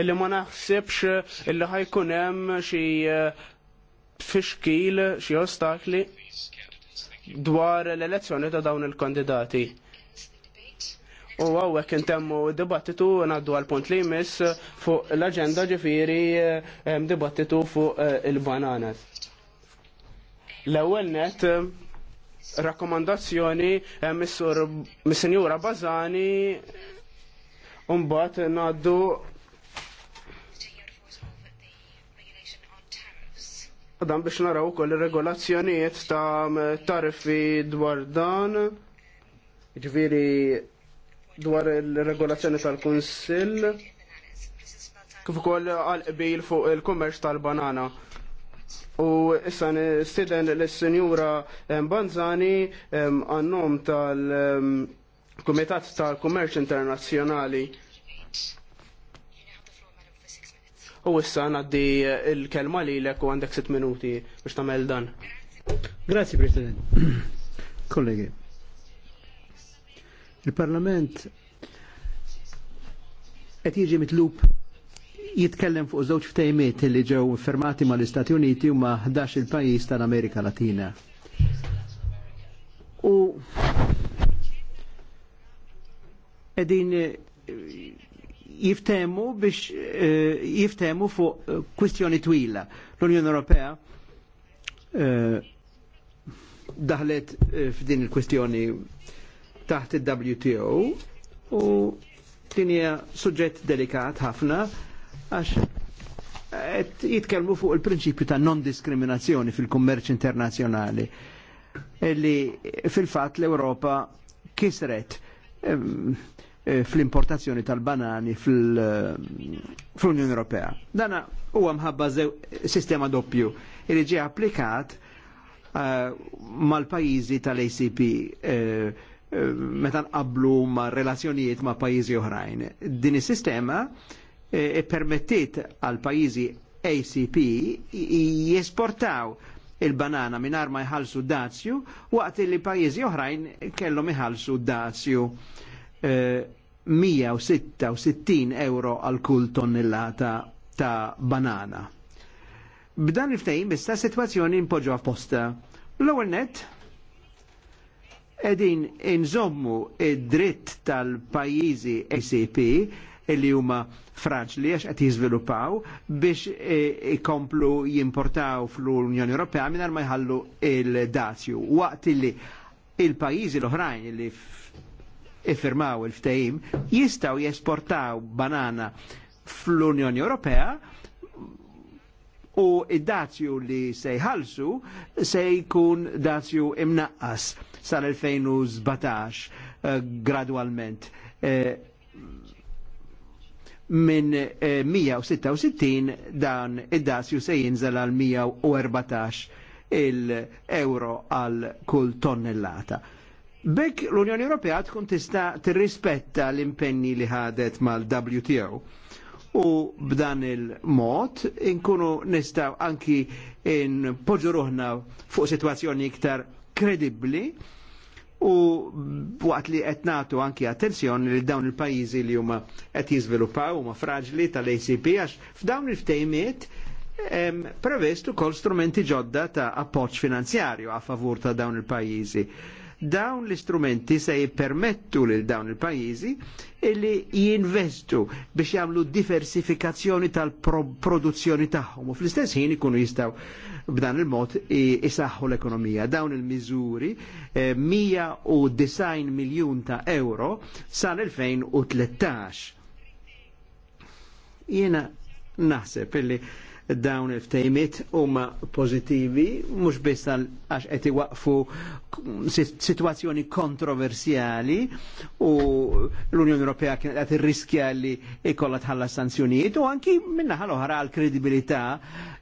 illi ma naħsibx illi ħajkun hemm xi eh, fixkil xi ostakli dwar l-elezzjoni ta' dawn il-kandidati. U għawek intemmu dibattitu naddu għal-punt li jmiss fuq l-agenda ġifiri eh, dibattitu fuq eh, il-bananas. L-ewel net rakkomandazzjoni mis-senjura Bazani un-bat naddu Għadam biex naraw kol regolazzjonijiet ta' tariffi dwar dan, ġviri dwar il-regolazzjoni tal-Kunsill, kif ukoll għal-qbil fuq il-kummerċ tal-banana. U issa nistiden l-Sinjura eh, Banzani eh, għannom tal-Kumitat eh, tal-Kummerċ Internazzjonali. U issa naddi eh, il-kelma li l u għandek 6 minuti biex tamel dan. Grazie, President. Kollegi. Il-Parlament qed jiġi mitlub jitkellem fuq żewġ ftejmiet li ġew fermati ma l istati Uniti u ma' 11 il-pajjiż tal-Amerika Latina. U edin eh, jiftemu biex eh, jiftemu fuq eh, kwistjoni twila. L-Unjoni Ewropea eh, daħlet f'din il-kwistjoni taħt il-WTO u din hija suġġett delikat ħafna għax qed jitkellmu fuq il-prinċipju ta' non-diskriminazzjoni fil-kummerċ internazzjonali illi fil-fatt l-Ewropa kisret ehm, E, fl-importazzjoni tal-banani eh, fl-Unjoni Ewropea. Dana huwa mħabba sistema doppju li ġie applikat eh, mal-pajizi tal-ACP eh, meta nqablu ma' relazzjonijiet ma' pajizi oħrajn. Din is-sistema e permettit għal pajizi ACP jesportaw il-banana minn ma jħalsu dazju waqt li pajizi oħrajn kellhom iħalsu dazju. 166 euro għal kull tonnellata ta' banana. B'dan il-ftejn bista situazzjoni impoġġu apposta. L-ewwel net edin inżommu id-dritt tal-pajjiżi ACP illi huma fraġli għax qed jiżviluppaw biex e, ikomplu e, jimportaw fl-Unjoni Ewropea mingħajr ma jħallu il-dazju. Waqt illi il-pajjiżi l-oħrajn li iffirmaw il-ftehim jistaw jesportaw banana fl-Unjoni Ewropea u id-dazju li se jħalsu se jkun dazju imnaqqas sal-2017 uh, gradualment. Eh, minn 166 eh, dan id dazju se jinżel għal 114 il-euro għal kull tonnellata. Bekk l-Unjoni Ewropea tkun tista' tirrispetta l-impenni li ħadet mal-WTO. U b'dan il-mod inkunu nistaw anki in poġuruhna fuq situazzjoni iktar kredibbli u waqt li qed nagħtu anki attenzjoni li dawn il-pajjiżi li huma qed jiżviluppaw huma fraġli tal-ACP għax f'dawn il-ftejmiet prevestu ukoll strumenti ġodda ta' appoġġ finanzjarju a favur ta' dawn il-pajjiżi Dawn l-istrumenti se jippermettu lil dawn il-pajjiżi illi jinvestu biex jagħmlu diversifikazzjoni tal-produzzjoni tagħhom u fl-istess ħin ikunu jistgħu b'dan il-mod isaħħu l-ekonomija. Dawn il-miżuri eh, 190 miljun ta' euro sal-2013. Jiena naħseb illi dawn il-ftejmit huma pozittivi, mhux biss għax qed iwaqfu situazzjoni kontroversjali u l-Unjoni Ewropea kienet qed irriskja li ikollha tħallas sanzjonijiet u anki minna l-oħra għal kredibilità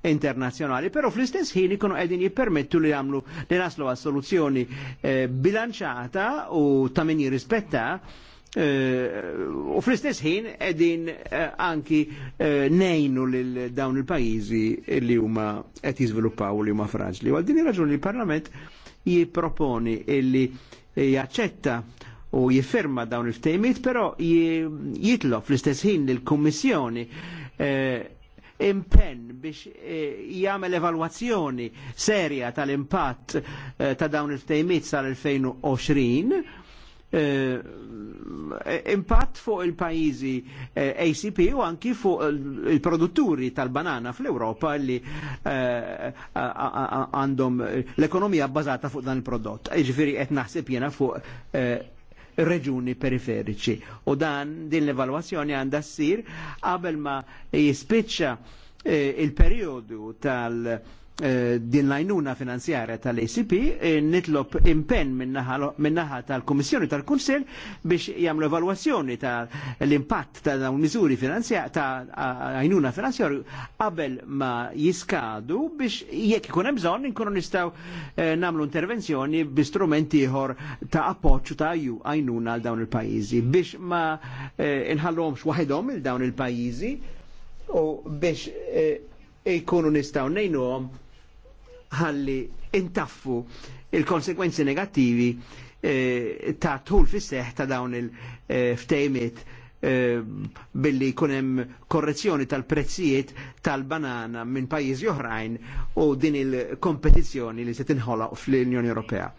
internazzjonali, però fl-istess ħin ikunu qegħdin jippermettu li jagħmlu li naslu għas soluzzjoni eh, bilanċata u ta' min jirrispetta Eh, u fl-istess ħin edin eh, anki eh, nejnu lil dawn il-pajizi li huma qed jiżviluppaw li huma fraġli. Għal din ir-raġuni il-Parlament jipproponi illi jaċċetta u jifferma dawn il-ftejmiet, però jitlo fl-istess ħin lill-Kummissjoni impenn biex jagħmel evalwazzjoni serja tal-impatt ta' dawn il-ftejmiet sal-2020 Eh, impatt fuq il-pajizi eh, ACP u anki fuq il-produtturi tal-banana fl-Europa li eh, għandhom l-ekonomija bbażata fuq dan il-prodott. Ġifiri qed naħseb jiena fuq reġuni periferiċi. U dan din l-evalwazzjoni għandha ssir qabel ma jispiċċa il-perjodu tal- Eh, din lajnuna finanzjarja tal-ACP eh, nitlob impenn minnaħa tal-Komissjoni tal-Kunsel biex jagħmlu evalwazzjoni tal-impatt ta' dawn miżuri finanzjarja ta' għajnuna finanzjarju qabel ma jiskadu biex jekk ikun hemm bżonn inkunu nistgħu eh, nagħmlu intervenzjoni bi strumenti ieħor ta' appoġġ ta' għajnuna għal dawn il-pajjiżi biex ma inħallhomx waħedhom il dawn il-pajjiżi u biex ikunu nistgħu ngħinuhom ħalli intaffu il-konsekwenzi negattivi eh, ta' tul fis-seħ ta' dawn il eh, ftejmit eh, billi kunem korrezzjoni tal-prezzijiet tal-banana minn pajjiżi oħrajn u din il-kompetizzjoni li se tinħoloq fl-Unjoni Ewropea.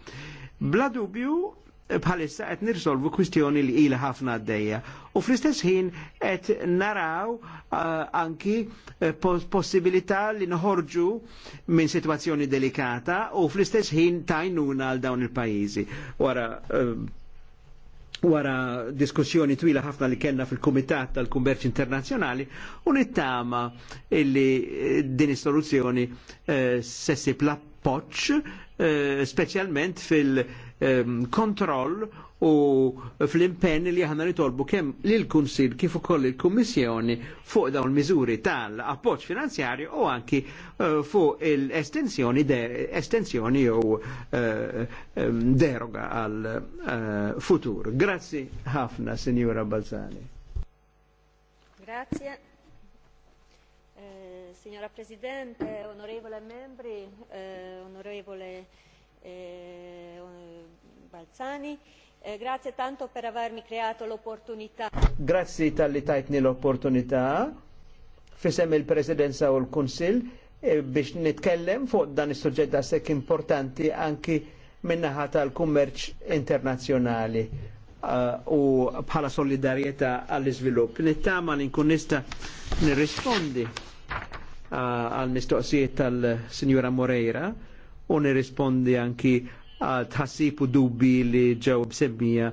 Bla dubju bħalissa qed nirsolvu kwistjoni li ilha ħafna għaddejja. U fl-istess ħin qed naraw uh, anki eh, possibilità li noħorġu minn situazzjoni delikata u fl-istess ħin tajnuna għal dawn il-pajjiżi. Wara uh, wara diskussjoni twila ħafna li kellna fil-Kumitat tal-Kummerċ Internazzjonali u nittama illi din is-soluzzjoni eh, sessi pla poċ, specialment fil- Ehm, kontroll u fl-impenn li aħna nitolbu kemm lil kunsil kif ukoll il-Kummissjoni fuq dawn miżuri tal-appoġġ finanzjarju u anki eh, fuq l estensjoni estensjoni eh, ehm, jew deroga għal eh, futur. Grazzi ħafna, Sinjura Balzani. Grazie. Eh, signora Presidente, onorevole membri, eh, onorevole E, Balzani. E, grazie tanto per avermi creato l'opportunità. Grazie tal-li tajtni l-opportunità fisem il-Presidenza u l-Kunsil e biex nitkellem fuq dan is-suġġett sekk importanti anki minnaħa tal-kummerċ internazzjonali u bħala solidarieta għall-iżvilupp. Nittama li nkun nista nirrispondi għal-mistoqsijiet tal-Sinjura Moreira u nirrispondi anki għal tħassibu dubbi li ġew bsemmija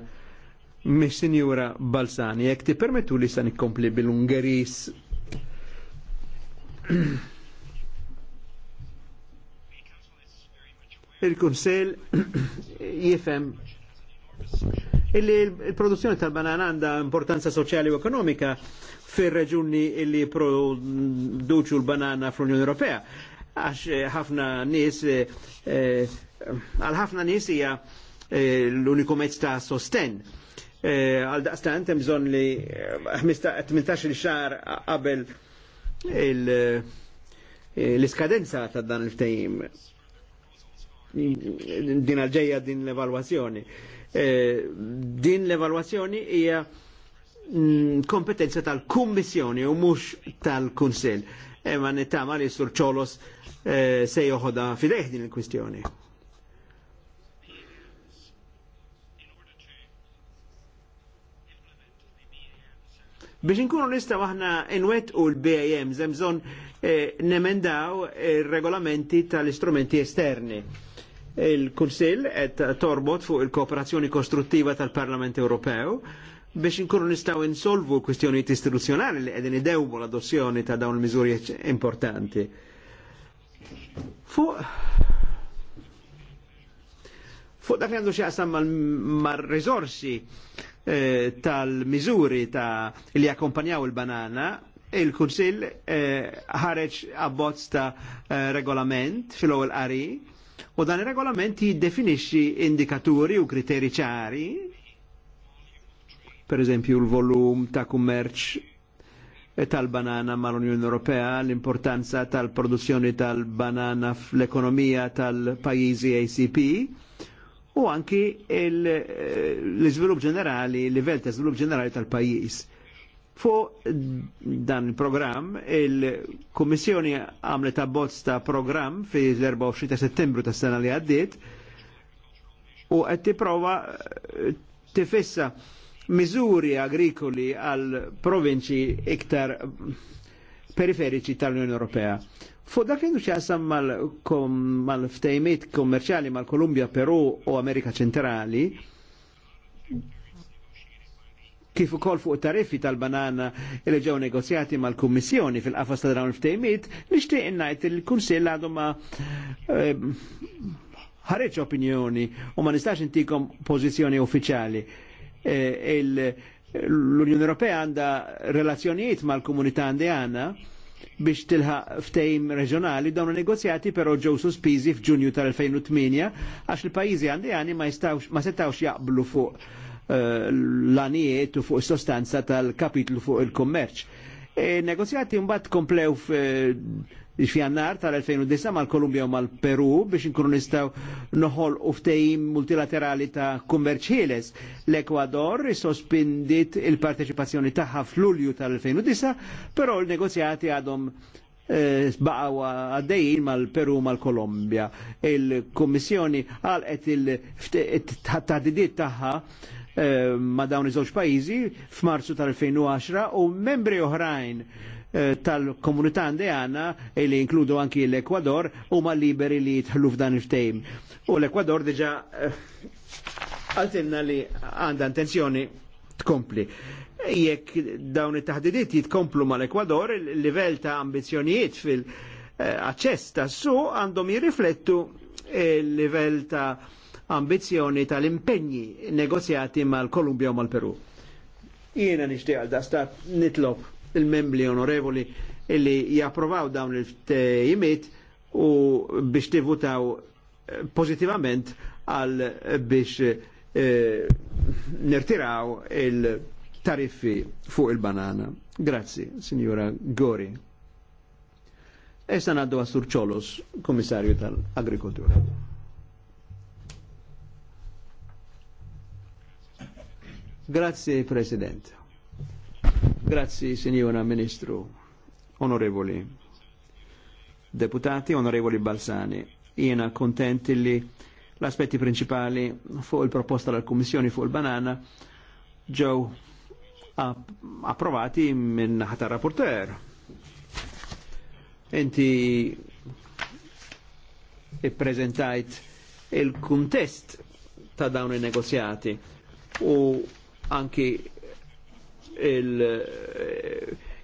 mis sinjura Balsani. Jek ti permettu li san ikkompli bil-Ungeris. Il-Kunsel jifem illi il-produzzjoni tal-banana għanda importanza soċjali u ekonomika fir reġuni illi produċu l-banana fl-Unjoni Ewropea għax eh, ħafna nis eh, eh, għal ħafna nis hija l-uniku mezz ta' sosten. Għal daqstant hemm bżonn li 18-il xahar qabel l-iskadenza ta' dan il-ftehim. Din għalġeja din l-evalwazzjoni. Din l-evalwazzjoni hija mm, kompetenza tal-Kummissjoni u mhux tal-Kunsell Ema nittama li sur ċolos eh, se joħoda fideħ din il-kwistjoni. Biex nkunu nistaw waħna nwet u l-BAM, zemżon eh, nemendaw il-regolamenti tal-istrumenti esterni. Il-Kunsil et torbot fuq il-kooperazzjoni kostruttiva tal-Parlament Ewropew, biex inkunu nistaw insolvu kwistjonijiet istituzzjonali li qegħdin idewmu l-adozzjoni ta' dawn il-miżuri importanti. Fuq fuq dak li għandu xaqsam mal-rizorsi eh, tal-miżuri ta' li jakkompanjaw il-banana, il-Kunsill eh, ħareġ abbozz ta' eh, regolament fil-ewwel qari u dan ir-regolament jiddefinixxi indikaturi u kriteri ċari per eżempju l-volum ta' kummerċ eh, tal-banana mal-Unjoni Ewropea, l-importanza tal-produzzjoni tal-banana fl-ekonomija tal-pajjiżi ACP u anki eh, l-iżvilupp ġenerali, l livell ta' iżvilupp ġenerali tal-pajjiż. Fu dan il-programm, il-Kommissjoni għamlet abbozz ta' programm fi 24 ta' settembru ta' sena li għaddiet u qed tipprova eh, tifissa miżuri agrikoli għal provinċi iktar periferiċi tal-Unjoni Ewropea. Fuq dak li xaqsam mal-ftejmiet kommerċali mal-Kolumbja, Peru u Amerika Ċentrali, kif ukoll fuq tariffi tal-banana li ġew negozjati mal-Kummissjoni fil-qafas ta' dawn il-ftejmiet, nixtieq ngħid il-Kunsill għadu ma eh, ħareġ opinjoni u ma nistax intikom pożizzjoni uffiċjali. Eh, l-Unjoni Ewropea għandha relazzjonijiet mal-komunità Indiana biex tilħaq ftejm reġjonali dawn negozjati però ġew sospiżi f'Ġunju tal-2008 għax il-pajjiżi Andjani ma jistawx ma setawx jaqblu fuq eh, l-anijiet u fuq sostanza tal-kapitlu fuq il-kummerċ. E negozjati mbagħad komplew f- xfjannar tal-2009 mal-Kolumbja u mal-Peru biex nkunu nistaw noħol uftejim multilaterali ta' kummerċieles. L-Ekwador sospindit il-parteċipazzjoni tagħha fl-Ulju tal-2009, però l-negozjati għadhom eh, baqaw għaddejjin mal-Peru mal-Kolombja. Il-Kommissjoni għalqet il tħaddidiet tagħha eh, ma' dawn iż-żewġ pajjiżi f'Marzu tal-2010 u membri oħrajn Eh, tal-komunità għandijana, e li inkludu anki l-Ekwador huma liberi li jitħlu f'dan il-ftejm. U l-Ekwador diġa eh, għaltinna li għandha intenzjoni tkompli. Jekk dawn it-taħdidiet jitkomplu mal-Ekwador, il-livell ta' ambizjonijiet fil-aċċess eh, tas-su għandhom jirriflettu il-livell ta' ambizjoni tal-impegni negozjati mal-Kolumbja u mal-Peru. Jiena nishtiqal da' dasta nitlob il-membri onorevoli illi japprovaw dawn il-ftejimiet u biex tivutaw eh, pozitivament għal eh, biex eh, nirtiraw il-tariffi fuq il-banana. Grazzi, signora Gori. Essa għaddu għastur ċolos, komissarju tal-agrikoltura. Grazie, Presidente. Grazzi, Signora Ministru, onorevoli deputati, onorevoli Balsani. Jiena kontent li l-aspetti principali fuq il-proposta tal-Kummissjoni fuq il-banana ġew approvati minn ħata rapporter. Inti ippreżentajt il-kuntest ta' dawn negoziati. negozjati u anki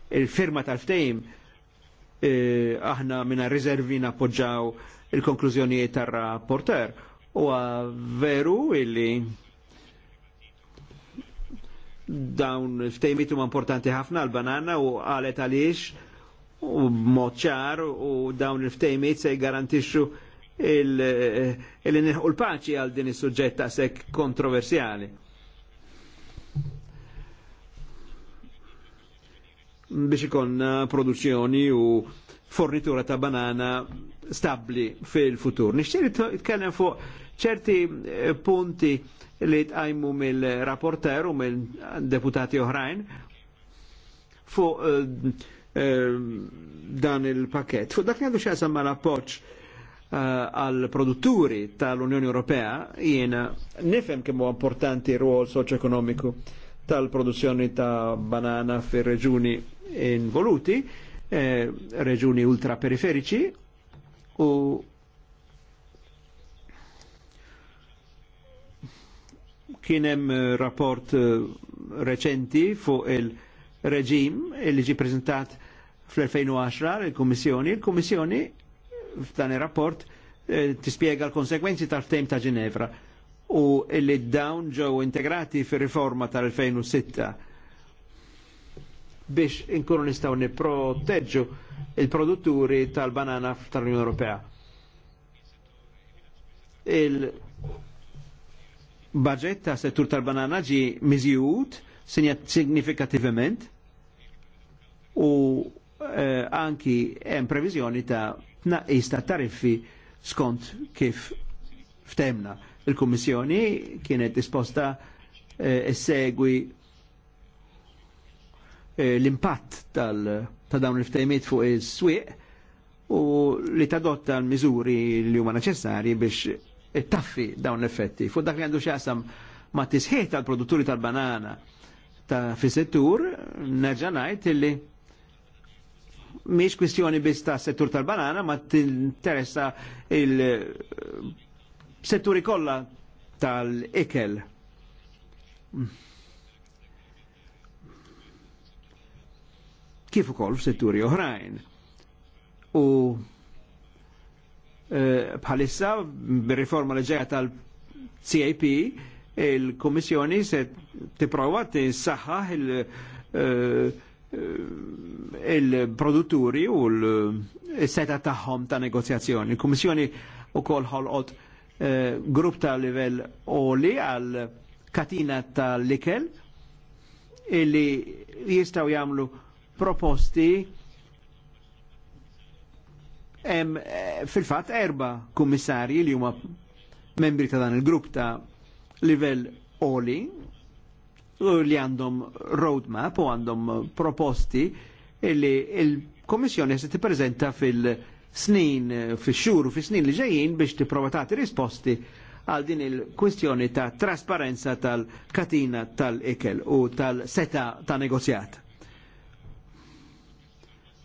il-firma tal-ftejm eh, aħna minna rizervi appoġġaw il-konklużjonijiet tar-rapporter. U veru illi dawn il ftejmitu ma importanti ħafna l banana u għalet għaliex u moċar u dawn il-ftejmiet se jgarantixxu il-nilħu l-paċi għal din is-suġġett ta' sekk kontroversjali. biex ikonna eh, produzzjoni u fornitura ta' banana stabli fil-futur. Nixtieri jitkellem fuq ċerti eh, punti li tqajmu mill-rapporter u mill-deputati oħrajn fuq eh, dan il-pakett. Fuq dak li għandu xasam ma l-appoċ għal produtturi tal-Unjoni Ewropea jiena nifem kemmu importanti r-rwol soċ-ekonomiku tal-produzzjoni ta' banana fir-reġuni involuti, eh, reġuni ultraperiferiċi u kienem eh, rapport eh, reċenti fuq il-reġim li ġi prezentat fl-2010 il komissjoni il komissjoni f'dan il-rapport eh, tispiega l-konsekwenzi tal-ftejm ta' Ginevra u li dawn ġew integrati fir-riforma tal-2006 biex inkunu nistaw niproteġġu il-produtturi tal-banana tal-Unjoni Ewropea. Il-budget ta' settur tal-banana ġi miżjut signifikativament u eh, anki hemm previżjoni ta' tnaqqis ta' tariffi skont kif ftemna. Il-Kummissjoni kienet disposta eh, segwi Eh, l-impatt ta' dawn il-ftejmiet fuq is-swieq u li tadotta l-miżuri li huma neċessarji biex taffi dawn l-effetti. Fuq dak li għandu x'jaqsam ma' tisħiħ tal-produtturi tal-banana ta' fis-settur, nerġa' ngħid illi miex kwistjoni biss ta' settur tal-banana, ma tinteressa il-setturi kollha tal-ikel. kif ukoll f'setturi oħrajn. U eh, bħalissa bir-riforma li ġejja tal cip il-Kommissjoni se tipprova tinsaħħaħ il- eh, il-produtturi u l-seta tagħhom ta' negozjazzjoni. Il-Kummissjoni wkoll ħolqot eh, grupp ta' livell oli għal katina ta' likel illi jistaw jagħmlu proposti eh, fil-fat erba kummissarji li huma membri ta' dan il-grupp ta' livell oli li għandhom roadmap u għandhom proposti li il-Komissjoni se tippreżenta fil-snin, fil-xur u fil-snin li ġejjin biex tipprova tagħti risposti għal din il-kwistjoni ta' trasparenza tal-katina tal-ikel u tal-seta ta' negozjat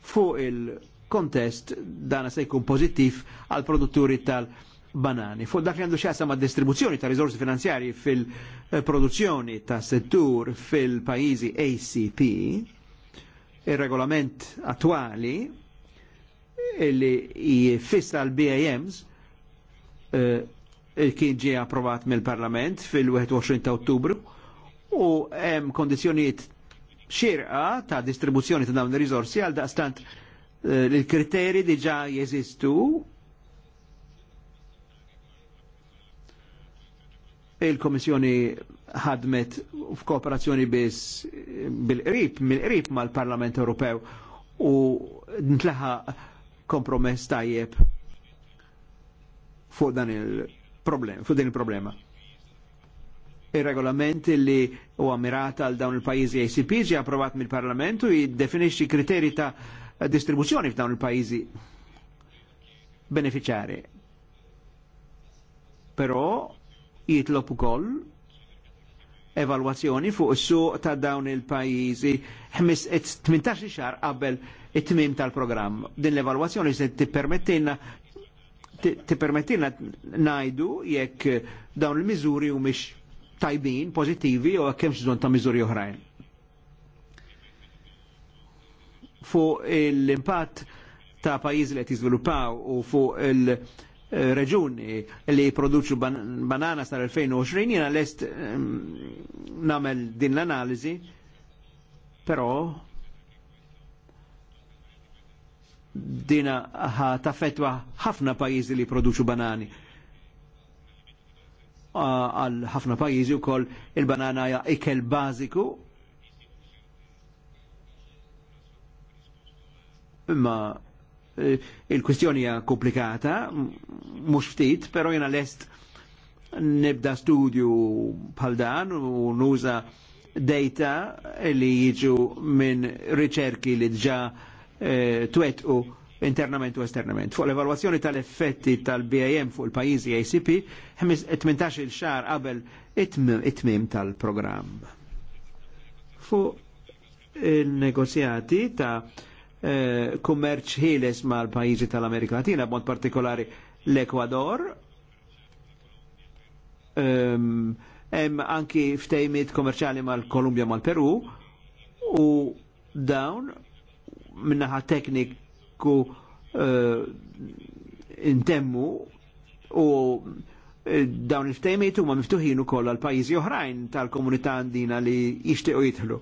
fuq il-kontest dana se jkun pozittiv għal produtturi tal-banani. Fuq dak li għandu xasam ma' distribuzzjoni ta' risorsi finanzjari fil-produzzjoni ta' settur fil-pajizi ACP, il-regolament attuali illi jifissa l-BAMs il eh, kien ġie approvat mill-Parlament fil-21 ta' Ottubru u hemm kondizzjonijiet xirqa ta' distribuzzjoni ta' dawn ir-riżorsi għal daqstant eh, il kriteri diġa jeżistu il-Komissjoni ħadmet f'kooperazzjoni biss eh, bil-qrib, mill-qrib mal-Parlament Ewropew u ntlaħa kompromess tajjeb fuq dan il-problema il-regolament li u ammirata għal dawn il-pajizi ACP ġi approvat mill-Parlament u jiddefinixxi kriteri ta' distribuzzjoni f'dawn il-pajizi beneficjari. Però jitlob ukoll evalwazzjoni fuq is ta' dawn il-pajjiżi 18 xahar qabel it-tmim tal-programm. Din l-evalwazzjoni se tippermettilna tippermettilna ngħidu jekk dawn il-miżuri u mhix tajbin, pozittivi u għakkem xizon ta' mizuri oħrajn. Fu l-impatt ta' pajjiżi li qed u fuq il-reġuni li jipproduċu banana sar 2020 jiena lest ehm, nagħmel din l-analiżi, però dina ta' fetwa ħafna pajjiżi li jipproduċu banani Uh, għal ħafna pajjiżi wkoll il-banana ikel bażiku imma eh, il-kwistjoni hija komplikata, mhux ftit, però jiena lest nibda studju bħal dan u nuża data li jiġu minn riċerki li ġa e, eh, twetqu internament u esternament. Fuq l-evalwazzjoni tal-effetti tal-BAM fuq il-pajizi ACP 18 il xar qabel it-tmim tal-programm. Fuq il-negozjati ta' eh, kummerċ ħieles mal-pajizi tal-Amerika Latina, b'mod partikolari l-Ekwador, ehm, hemm anki ftejmiet kommerċali mal-Kolumbja mal-Peru u dawn minnaħa teknik kieku uh, eh, intemmu u eh, dawn il-ftejmiet huma miftuħin ukoll għal pajjiżi oħrajn tal-komunità andina li jixtiequ jidħlu.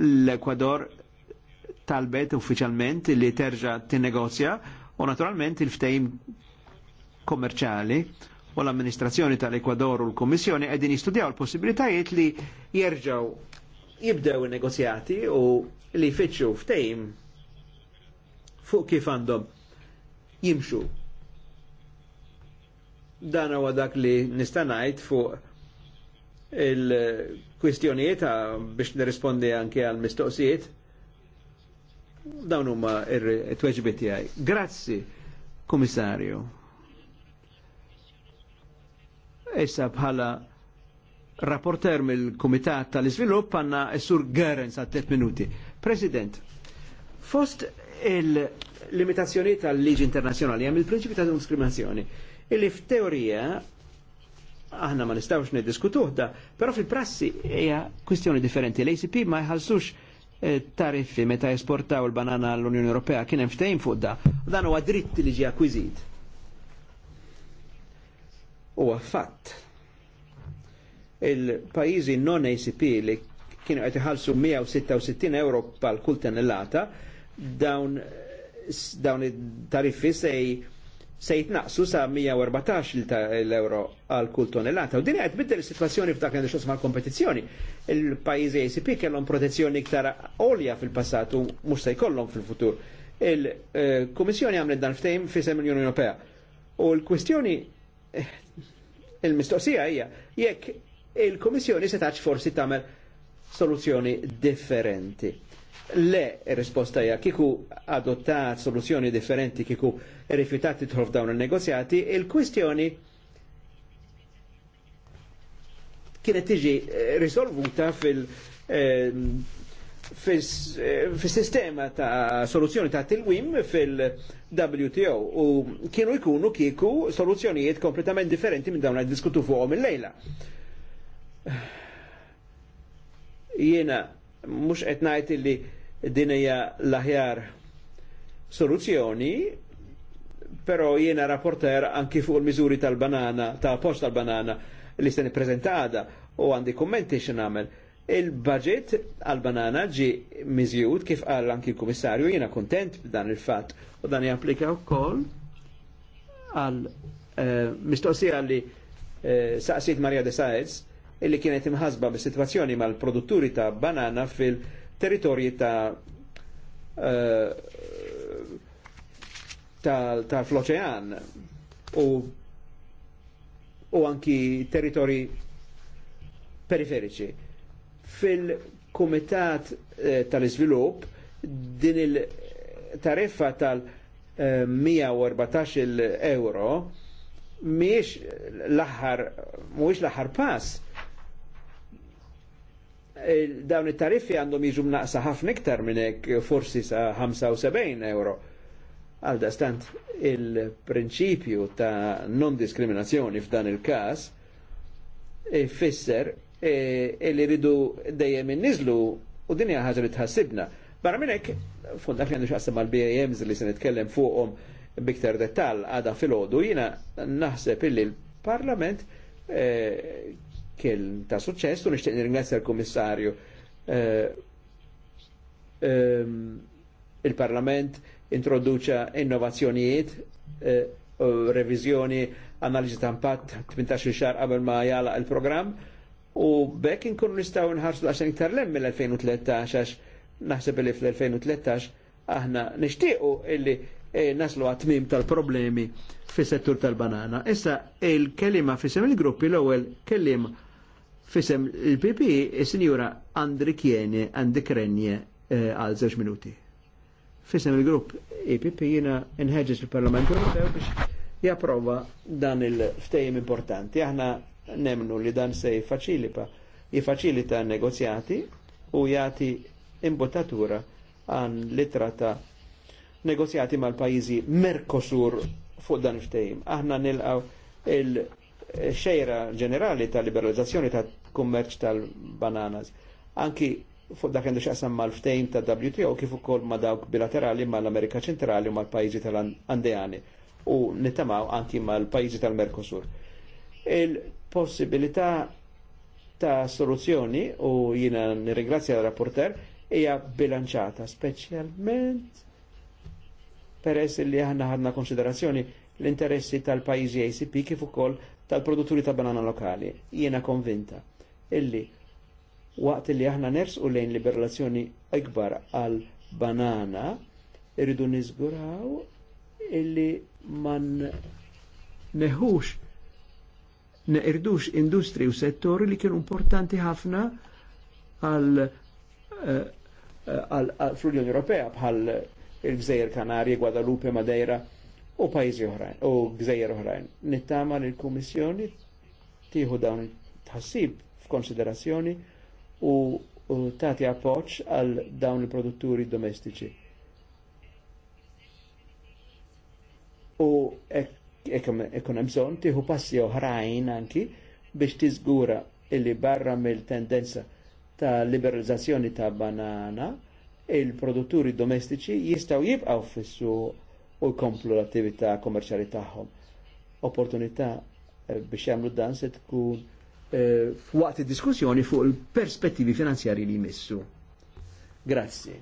L-Ekwador talbet uffiċjalment li terġa' tinnegozja u naturalment il-ftejm kommerċali u l-amministrazzjoni tal-Ekwador u l-Kommissjoni qegħdin jistudjaw l-possibilitajiet li jerġgħu jibdew in-negozjati u li jfittxu ftejm fuq kif għandhom jimxu. Dan huwa dak li nista' ngħid fuq il-kwistjonijiet ah, biex nirrispondi anke għal mistoqsijiet dawn huma it-tweġbi tiegħi. Grazzi, kummissarju. Issa bħala rapporter mill-Kumitat tal-Iżvilupp għandna s-sur Gerens għal 3 minuti. President, fost il-limitazzjoni tal-liġi internazjonali għam il-prinċipi ta' diskriminazzjoni. Illi f'teorija aħna ma nistawx niddiskutuh da, però fil-prassi hija kwistjoni differenti. L-ACP ma jħalsux eh, tariffi meta esportaw il-banana l-Unjoni Ewropea kien hemm ftehim fuq da. Dan huwa dritt li ġie akkwiżit. Huwa fatt. Il-pajjiżi non ACP li kienu qed iħallsu 166 euro pal kull tennellata dawn dawn it-tariffi sej se jitnaqsu sa 114 l-euro għal kull tonnellata. U din għed biddel situazzjoni f'dak li xosma kompetizzjoni Il-pajjiżi ACP kellhom protezzjoni iktar olja fil-passat u mhux se jkollhom fil-futur. Il-Kummissjoni għamlet dan fi fisem l-Unjoni Ewropea. U l-kwistjoni eh, il-mistoqsija hija jekk il-Kummissjoni se taċ forsi tagħmel soluzzjoni differenti Le, risposta ja, kiku adottat soluzzjoni differenti, kiku rifjutati tħolf dawn il-negozjati, il-kwistjoni kienet tiġi eh, risolvuta fil- ehm, fil-sistema eh, ta' soluzzjoni ta' tilwim fil-WTO u kienu jkunu kiku soluzzjonijiet kompletament differenti minn dawn għad diskutu fuqom il-lejla. Jiena, mux etnajt illi din hija l-aħjar soluzzjoni, però jiena rapporter anki fuq il-miżuri tal-banana, ta' post tal-banana li se nippreżentada u għandi kummenti x'namel. Il-budget għal-banana ġi miżjud kif għal anki il kummissarju jiena kontent b'dan il-fatt u dan japplika wkoll għal eh, mistoqsija li eh, saqsit Maria de Saez illi kienet imħasba bis-sitwazzjoni mal-produtturi ta' banana fil- territorji ta' eh, tal-oċean u u anki territori periferiċi. Fil-Kumitat eh, tal-Iżvilupp din il-tariffa tal-114 eh, euro miex l-aħħar, mhuwiex l-aħħar pass Eh, dawn it-tariffi għandhom jiġu mnaqsa ħafna iktar minn hekk forsi sa 75 euro. Għal stant il-prinċipju ta' non-diskriminazzjoni f'dan il-każ ifisser eh, e eh, li ridu dejjem inniżlu u din hija ħaġa li tħassibna. Barra minn hekk fond dak li għandu bams li se nitkellem fuqhom biktar dettal għada fil-ħodu, jina naħseb illi l-Parlament kien ta' suċċess u nixtieq nirringrazzja l-Kummissarju. Eh, ehm, Il-Parlament introduċa innovazzjonijiet, eh, reviżjoni, analiżi ta' impatt 18 xahar qabel ma jala il-programm u bekk inkunu nistgħu nħarsu daqsxejn iktar lemm mill-2013 għax naħseb li fl-2013 aħna nixtiequ illi eh, naslu għatmim tal-problemi fi settur tal-banana. Issa il-kelima fi il-gruppi l ewwel kellim Fisem il-PP, il-Sinjura Andrikjeni, Krenje eh, għal zewġ minuti. Fisem il-grupp EPP jina nħeġġeġ il-Parlament Ewropew biex japprova dan il-ftejim importanti. Aħna nemnu li dan se jifaċilipa jifaċilita negozjati u jati imbotatura għan litra ta' negozjati mal-pajizi Mercosur fuq dan il ftejem Aħna nilqaw il-xejra ġenerali ta' liberalizzazzjoni ta' kummerċ tal-bananas. Anki fuq dak għandu xaqsam mal-ftejn ta' WTO kif ukoll ma' dawk bilaterali mal-Amerika ċentrali u mal-pajjiżi tal-Andeani u nittamaw anki mal-pajjiżi tal-Merkosur. Il-possibilità ta' soluzzjoni u jina nirringrazzja l-rapporter hija bilanċata speċjalment peress li aħna ħadna konsiderazzjoni l-interessi tal-pajjiżi ACP kif ukoll tal-produtturi ta' banana lokali. Jiena konvinta illi waqt li aħna u lejn liberazzjoni ikbar għal banana irridu nizguraw illi man neħux neqirdux industri u settori li kienu importanti ħafna eh, eh, għal fl-Unjoni Ewropea bħal il-Gżejjer Kanarji, Guadalupe, Madeira u pajjiżi oħrajn u Gżejjer oħrajn. Nittama l-Kummissjoni tieħu dawn tħassib f'konsiderazzjoni u, u tagħti appoġġ għal dawn il-produtturi domestiċi. U ekkem ikun hemm bżonn tieħu passi oħrajn anki biex tiżgura illi barra mill-tendenza ta' liberalizzazzjoni ta' banana il-produtturi domestiċi jistaw jibqaw fissu u jkomplu l-attività kommerċali tagħhom. Opportunità eh, biex jagħmlu dan se tkun Eh, f'waqt id-diskussjoni fuq il-perspettivi finanzjari li jmissu. Grazzi.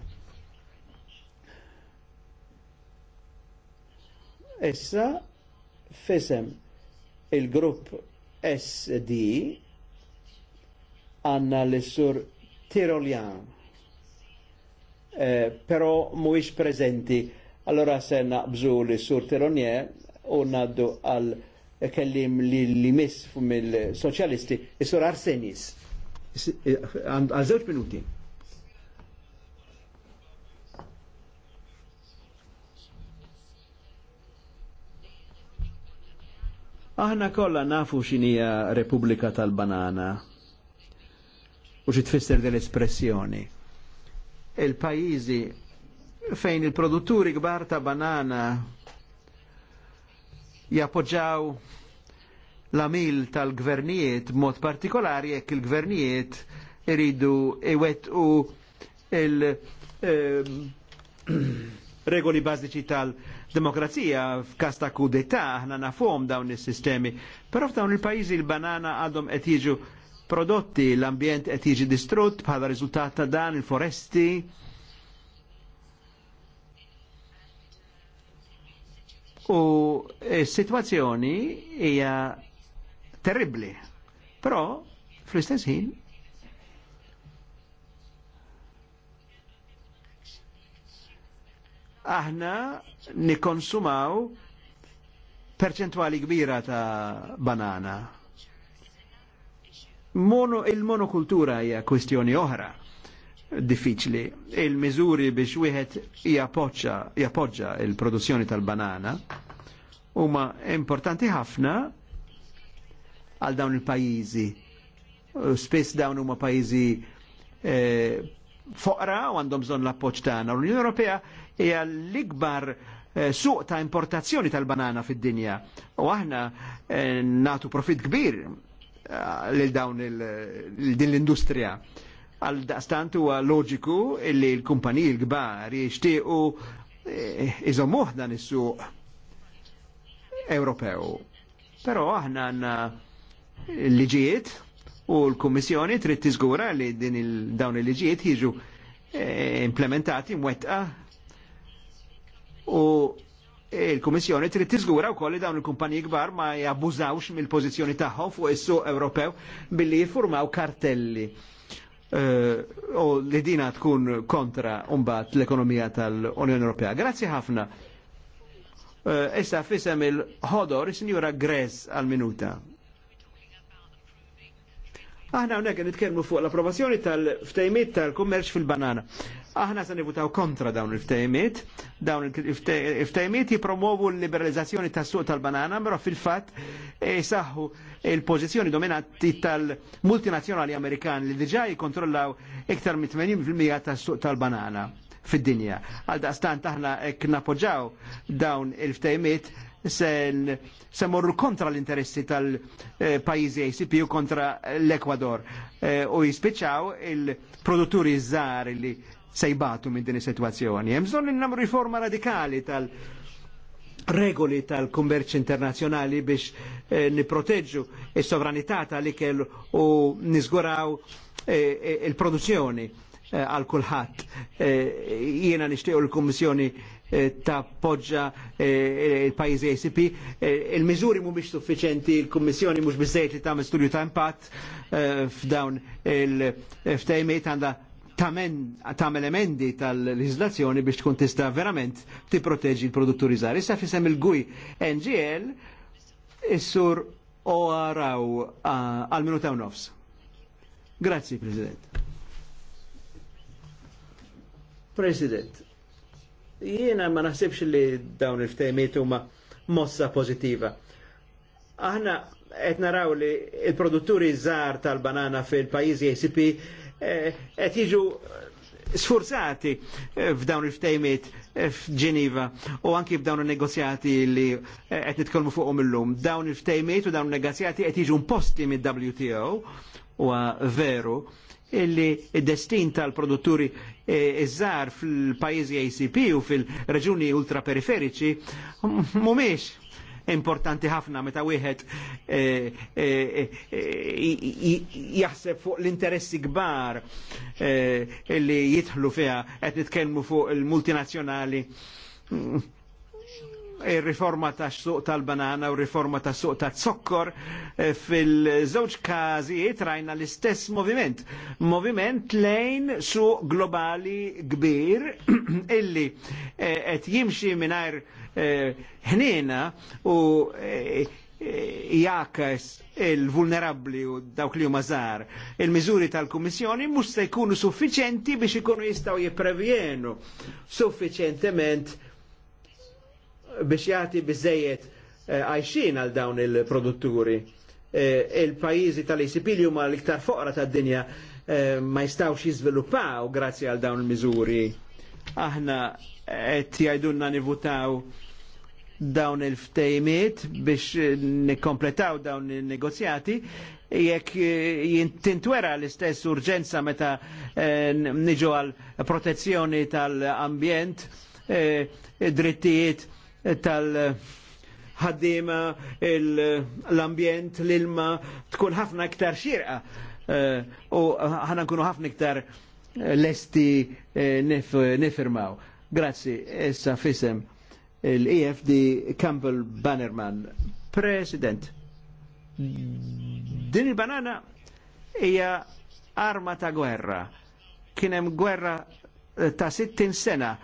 Essa fesem il-grupp SD għanna l-sur Tirolian. eh, pero mhuwiex prezenti. Allora se naqbżu l-sur Tirolian u naddu għal kellim li li miss mill-soċjalisti, is-sur Arsenis. Eh, għal żewġ minuti. Aħna kolla nafu xinija Republika tal-Banana u xi tfisser dell-espressjoni. il pajizi fejn il-produtturi gbar ta' banana jappoġġaw l-amil tal-gvernijiet mod partikolari jekk il-gvernijiet iridu u il- ehm, regoli bażiċi tal-demokrazija f'kas ta' kudetà aħna nafhom dawn is-sistemi. Però f'dawn il-pajjiżi l-banana għadhom qed jiġu prodotti, l-ambjent qed jiġi distrutt bħala riżultat ta' dan il-foresti U s-situazzjoni e, hija terribli. Però fl-istess ħin aħna nikonsumaw perċentwali kbira ta' banana. Mono, il-monokultura hija kwestjoni oħra diffiċli. Il-miżuri biex wieħed jappoġġa il-produzzjoni tal-banana huma importanti ħafna għal dawn il-pajjiżi. Spiss dawn huma pajjiżi eh, foqra u għandhom bżonn l-appoġġ tagħna. L-Unjoni Ewropea hija l-ikbar eh, suq ta' importazzjoni tal-banana fid-dinja u aħna eh, natu profit kbir eh, lil dawn il-din l-industrija. il din l industrija għal daqstant huwa loġiku illi l-kumpaniji l-kbar jixtiequ eh, iżommuh dan is-suq Ewropew. Però aħna għandna l-liġijiet u l-Kummissjoni trid tiżgura li din il dawn il-liġijiet jiġu eh, implementati mwettqa u il-Kummissjoni trid tiżgura wkoll li dawn il-kumpaniji kbar ma jabbużawx mill-pożizzjoni tagħhom fuq is-suq Ewropew billi jiffurmaw kartelli Eh, u li dina tkun kontra umbat l-ekonomija tal-Unjoni Ewropea. Grazzi ħafna. Eh, issa fisem il-ħodor, signora Grez għal-minuta. Aħna hawnhekk nitkellmu fuq l-approvazzjoni tal-ftejmiet tal-kummerċ fil-banana. Aħna se nivutaw kontra dawn il-ftejmiet, dawn il-ftejmiet jipromovu l-liberalizzazzjoni tas-suq tal-banana, però fil-fatt jisaħħu e il-pożizzjoni dominanti tal-multinazzjonali Amerikani li diġa' jikkontrollaw iktar mit 80% tas-suq tal-banana fid-dinja. Għal daqstant aħna ek napoġaw dawn il-ftejmiet sen se morru kontra l-interessi tal-pajizi ACP u kontra l-Ekwador e, u jispiċaw il-produtturi zzar li sejbatu minn din is-sitwazzjoni. Hemm bżonn innam riforma radikali tal- regoli tal-kummerċ internazzjonali biex eh, niproteġġu is-sovranità tal-ikel u nizguraw eh, eh, il-produzzjoni eh, għal eh, kulħadd. Jiena nixtiequ l-Kummissjoni ta' eh, tappoġġa il-pajjiżi ACP. Il-miżuri mhumiex suffiċenti, il-Kummissjoni mhux biżejt li tagħmel studju ta' impatt f'dawn il-ftejmiet għandha tamen emendi tal-leġislazzjoni biex tkun tista' verament tipproteġi l-produtturi żgħar. Issa fisem il-gwi NGL is-sur Oaraw għal minuta ta' nofs. Grazzi, President. President, jiena ma naħsibx li dawn il-ftejmiet huma mossa pozittiva. Aħna qed naraw li l produtturi żgħar tal-banana fil-pajjiżi ACP Eh, qed jiġu sforzati eh, f'dawn il-ftejmiet eh, f'Ġeniva u anki f'dawn il-negozjati li qed nitkellmu fuqhom illum. Dawn il-ftejmiet u dawn il-negozjati qed jiġu imposti mid-WTO u veru illi id-destin tal-produtturi iż żgħar fil-pajjiżi ACP u fil-reġuni ultraperiferiċi mhumiex importanti ħafna meta wieħed eh, eh, eh, jaħseb fuq l-interessi kbar li jidħlu fiha qed nitkellmu fuq il-multinazzjonali mm. E riforma ta' suq tal-banana u riforma ta' suq ta' zokkor e, fil-żewġ każijiet rajna l-istess moviment. Moviment lejn suq globali kbir illi e, qed jimxi mingħajr ħnina u jakas il-vulnerabli u dawk li huma żgħar, il-miżuri tal-Kummissjoni mhux se jkunu suffiċenti biex ikunu jistgħu jipprevjenu suffiċentement biex jagħti bizzejiet eh, għajxin għal dawn il-produtturi. Eh, il-pajjiżi tal-ICP li huma l-iktar foqra tad-dinja eh, ma jistawx jiżviluppaw grazzi għal dawn il-miżuri. Aħna qed jgħidulna nivutaw dawn il-ftejmiet biex nikkompletaw dawn il-negozjati jekk jintintwera l-istess urġenza meta niġu għal protezzjoni tal-ambjent, eh, drittijiet tal- ħaddima l-ambjent, l-ilma, tkun ħafna iktar xirqa eh, u ħana nkunu ħafna iktar eh, lesti eh, nifirmaw. Grazzi, issa fisem l-EFD Campbell Bannerman, President. Din il-banana hija arma ta' gwerra. Kienem gwerra ta' 60 sena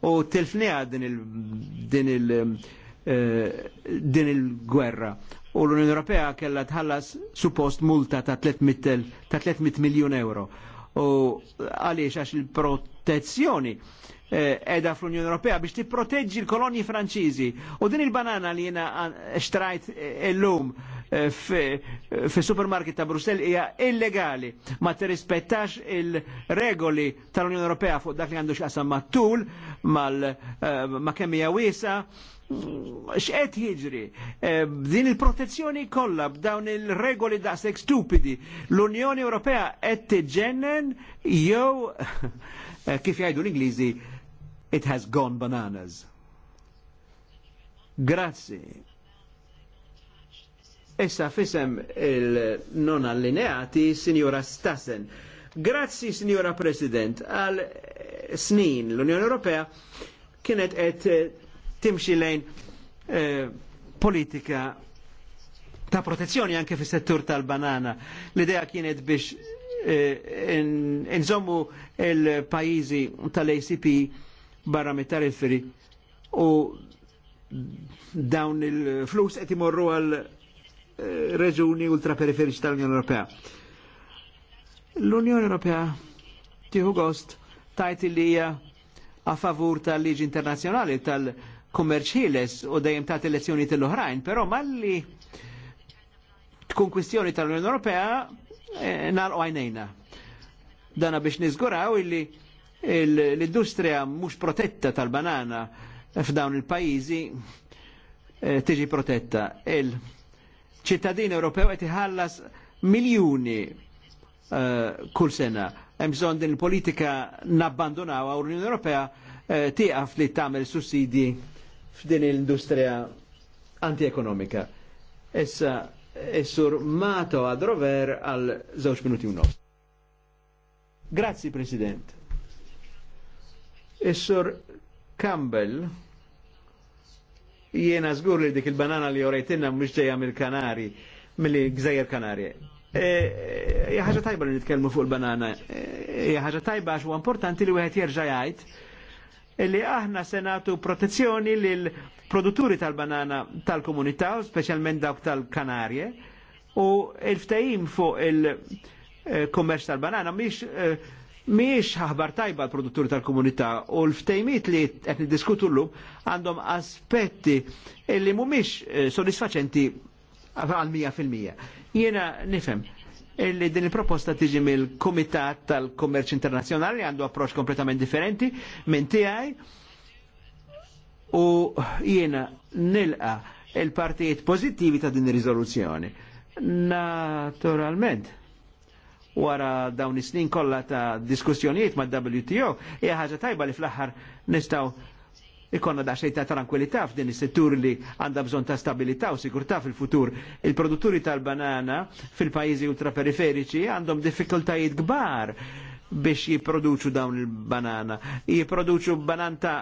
u tilfniha din il- eh, din il-gwerra. U l-Unjoni Ewropea kellha tħallas suppost multa ta' 300 miljun euro. U għaliex għax il-protezzjoni Eh, edha fl-Unjoni Ewropea biex tipproteġġi l-kolonji Franċiżi. U din il-banana li jiena eh, xtrajt eh, illum fi supermarket ta' Brussell hija illegali ma tirrispettax il-regoli tal-Unjoni Ewropea fuq dak li għandu x'qasam mat-tul ma' kemm hija wiesa x'qed jiġri Din il-protezzjoni kollha b'dawn il-regoli daqshekk stupidi l-Unjoni Ewropea qed tiġġennen jew kif jgħidu l-Ingliżi it has gone bananas. Grazzi. Issa fisem il-non allineati, Signora Stassen. Grazzi, Signora President, għal snin l-Unjoni Ewropea kienet et eh, timxi lejn eh, politika ta' protezzjoni anke fis settur tal-banana. L-idea kienet biex eh, inżommu il-pajizi tal-ACP barra mit tariffi u dawn il-flus qed imorru għal eh, reġuni ultraperiferiċi tal-Unjoni Ewropea. L-Unjoni Ewropea tieħu gost tajt li hija a favur tal-liġi internazzjonali tal-kummerċ ħieles u dejjem tagħti lezzjoni tal-oħrajn, però malli tkun kwistjoni tal-Unjoni Ewropea eh, nagħlqu għajnejna. Dana biex nizguraw illi l-industrija mhux protetta tal-banana f'dawn il-pajjiżi eh, tiġi protetta. Il-ċittadin Ewropew qed iħallas miljuni eh, kull sena. Hemm bżonn din il-politika nabbandonaw u l-Unjoni Ewropea eh, tieqaf li tagħmel sussidi f'din l-industrija antiekonomika. Issa Essur Mato Adrover għal żewġ minuti u nofs. Grazzi President. Is-sur Campbell jiena żgur li dik il-banana li jorejtinna mhux ġejja mill-Kanari, mill-Gżejjer Kanari. E, e, hija ħaġa tajba li nitkellmu fuq il-banana. E, hija ħaġa tajba għax huwa importanti li wieħed jerġa' jgħid li aħna senatu protezzjoni lil produtturi tal-banana tal-komunità, specialment dawk tal-Kanarje, u il-ftajim fuq il-kommerċ tal-banana miex miex ħahbar tajba l-produtturi tal-komunità u l ftejmit li qed niddiskutu llum għandhom aspetti li mhumiex eh, sodisfaċenti għal 100%. Jiena nifhem li din il-proposta tiġi mill-Kumitat tal-Kommerċ Internazzjonali għandu approċċ kompletament differenti minn tiegħi u jiena nilqa il-partijiet pożittivi ta' din ir-riżoluzzjoni. Naturalment wara dawn is-snin kollha ta' diskussjonijiet mad-WTO hija ħaġa tajba li fl-aħħar nistgħu ikonna da xejta tranquillità f'din is-settur li għandha bżonn ta' stabilità u sigurtà fil-futur. Il-produtturi tal-banana fil-pajjiżi ultraperiferiċi għandhom diffikultajiet kbar biex jipproduċu dawn il-banana. Jipproduċu banan ta'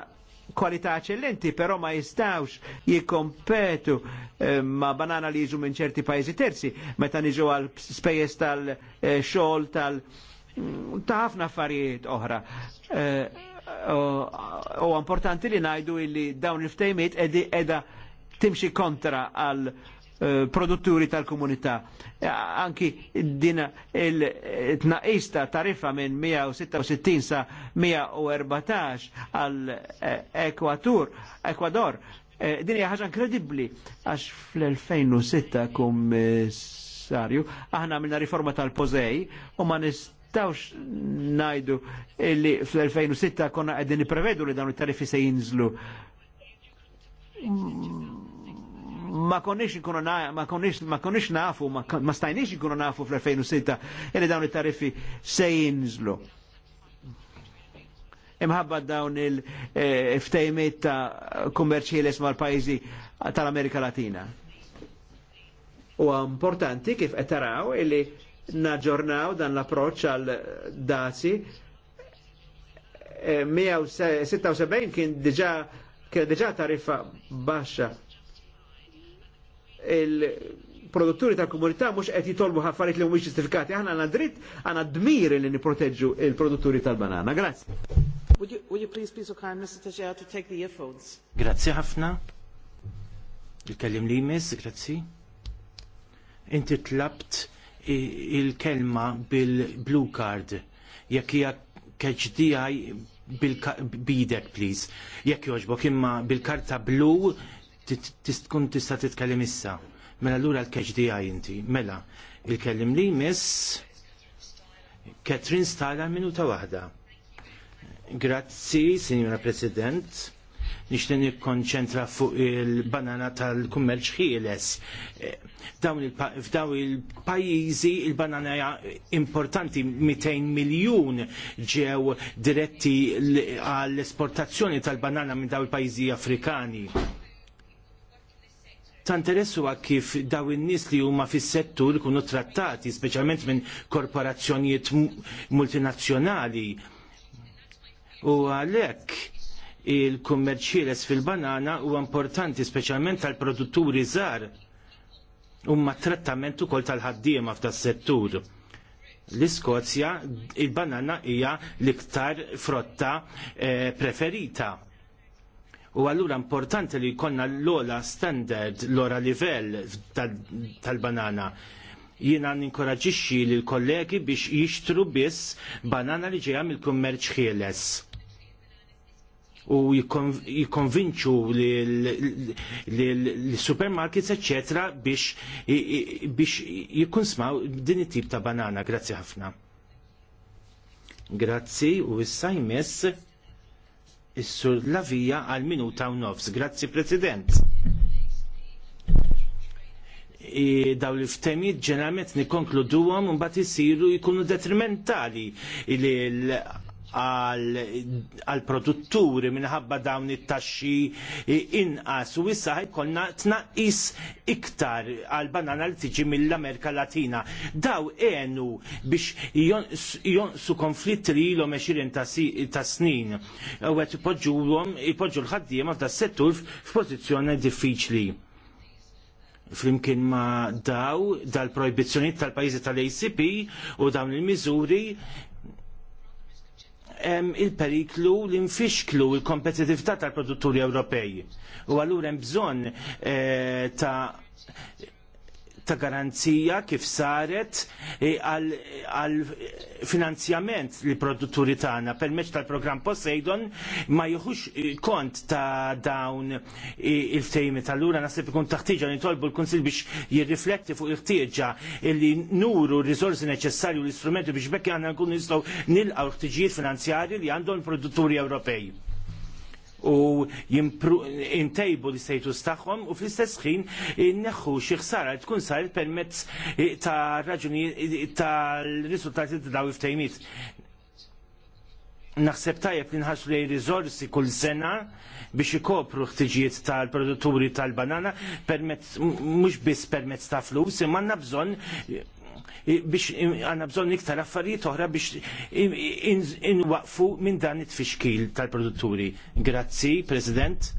kwalità eccellenti, però ma jistawx jikompetu eh, ma banana li jiġu minn ċerti pajjiżi terzi, meta niġu għal spejjeż tal xol mm, tal- ta' ħafna affarijiet oħra. u eh, importanti li najdu illi dawn il-ftejmiet edha timxi kontra għal Eh, produtturi tal-komunità. E, anki dina il-tnaqis eh, ta' tariffa minn 166 sa' 114 għal eh, Ekwatur, Ekwador, din hija ħaġa inkredibbli għax fl-2006 kummissarju aħna għamilna riforma tal-Pozej u ma nistawx najdu illi fl-2006 konna għedin prevedu li dawn it-tarifi se jinżlu ma konniex nkunu ma konniex ma konniex nafu ma stajniex ikunu nafu fl-2006 illi dawn it-tariffi se jinżlu. Imħabba dawn il-ftejmiet ta' kummerċieles mal-pajjiżi tal-Amerika Latina. U importanti kif qed taraw illi naġġornaw dan l-approċċ għal dazi 176 eh, kien diġà kien diġà tariffa baxxa il-produtturi tal-komunità mhux qed jitolbu ħaffariet li mhumiex ġustifikati. Aħna għandna dritt għandna dmir li nipproteġġu il-produtturi tal-banana. Grazzi. Would you, would you please be so kind, Mr. Tajea, to take the earphones? Grazie, Hafna. Il-kellim li jmiss, grazie. Inti tlabt il-kelma bil-blue card. Jekk hija keġdijaj bidek, please. Jekk joġbok imma bil-karta blue, tkun tista' titkellem issa. Mela lura l-catch di inti. Mela, il-kellim li miss Katrin Stala minuta waħda. Grazzi, Signora President Nishtin nikkonċentra fuq il-banana tal-kummerċ ħieles. Eh, f'daw il-pajizi il-banana importanti 200 miljun ġew diretti għall-esportazzjoni tal-banana minn daw il-pajizi afrikani ta' interessu kif daw in-nies li huma fis-settur kunu trattati, speċjalment minn korporazzjonijiet multinazzjonali. U għalhekk il-kummerċieles fil-banana huwa importanti speċjalment għall produtturi żgħar huma trattament ukoll tal-ħaddiema f'das settur. L-Iskozja il-banana hija l-iktar frotta eh, preferita U allura importanti li jkollna l-ola standard, l ora livell tal-banana. Jiena ninkoraġixxi lill kollegi biex jixtru biss banana li ġejja mill-kummerċ ħieles u jikonvinċu l-supermarkets, etc. biex jikun smaw din it-tip ta' banana. Grazzi ħafna. Grazzi u issa jmess Is-sur Lavija għal minuta u nofs. Grazzi President. I daw li ftemijiet ġeneralment nikonkluduhom u mbagħad isiru jkunu detrimentali għal produtturi minħabba dawn it-taxxi inqas u issa ħajkolna tnaqqis iktar għal banana li tiġi mill-Amerika Latina. Daw enu biex jonqsu konflitt li ilhom 20 ta' snin u għet ipoġġu l-ħaddiema f'da settur f'pożizzjoni diffiċli flimkien ma daw dal-projbizzjoniet tal-pajjiżi tal-ACP u dawn il-miżuri il-periklu li nfixklu l kompetitività tal-produtturi Ewropej. U allura hemm bżonn eh, ta' ta' garanzija kif saret eh, għal finanzjament li produtturi tagħna permezz tal-programm Poseidon ma jieħux eh, kont ta' dawn eh, il-ftejmi tal-lura nasib ikun taħtieġa li tolbu l-Kunsil biex jirrifletti fuq il-ħtieġa li nuru r-riżorsi neċessarju l-istrumenti biex bekk għandna nkunu nistgħu nilqgħu ħtiġijiet finanzjarji li għandhom produtturi Ewropej u intejbu l sejtu tagħhom u fl-istess ħin neħħu xi ħsara tkun sarit permezz eh, ta' raġuni eh, tal-riżultati ta' daw iftajmit. Naħseb tajjeb li nħassu li riżorsi kull sena biex ikopru ħtiġijiet tal-produtturi tal-banana permezz mhux biss permezz ta' flus imma għandna bżonn biex għanna bżon iktar affarijiet oħra biex inwaqfu minn dan it-fixkil tal-produtturi. Grazzi, President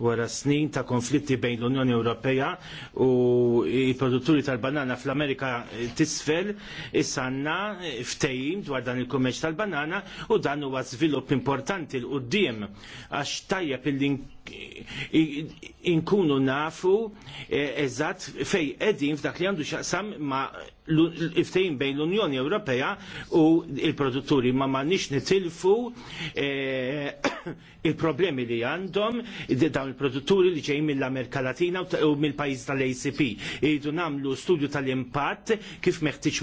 wara snin ta' konflitti bejn l-Unjoni Ewropea u i produtturi tal-banana fl-Amerika eh, tisfel issanna eh, ftejim dwar dan il-kummerċ tal-banana u dan huwa żvilupp importanti l qudiem għax tajjeb illi inkunu nafu eh, eżatt fej qegħdin f'dak li għandu xaqsam ma' l-iftejn bejn l-Unjoni Ewropea u il-produtturi ma ma nix nitilfu eh, il-problemi li għandhom dawn il-produtturi li ġejn mill-Amerika Latina u mill-pajjiż tal-ACP. Idu nagħmlu studju tal-impatt kif meħtieġ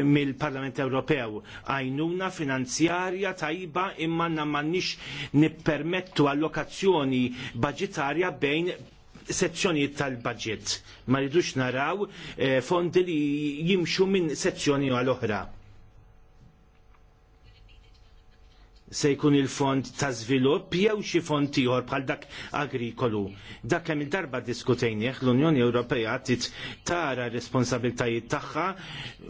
mill-Parlament Ewropew għajnuna finanzjarja tajba imma na nippermettu allokazzjoni budgetarja bejn sezzjonijiet tal-budget. Ma rridux naraw eh, fondi li jimxu minn sezzjoni għal oħra. Se jkun il-fond ta' Zvilupp jew xi fond ieħor bħal dak agrikolu. Dak kemm il-darba diskutejnieh l-Unjoni Ewropea tit tara responsabiltajiet tagħha eh,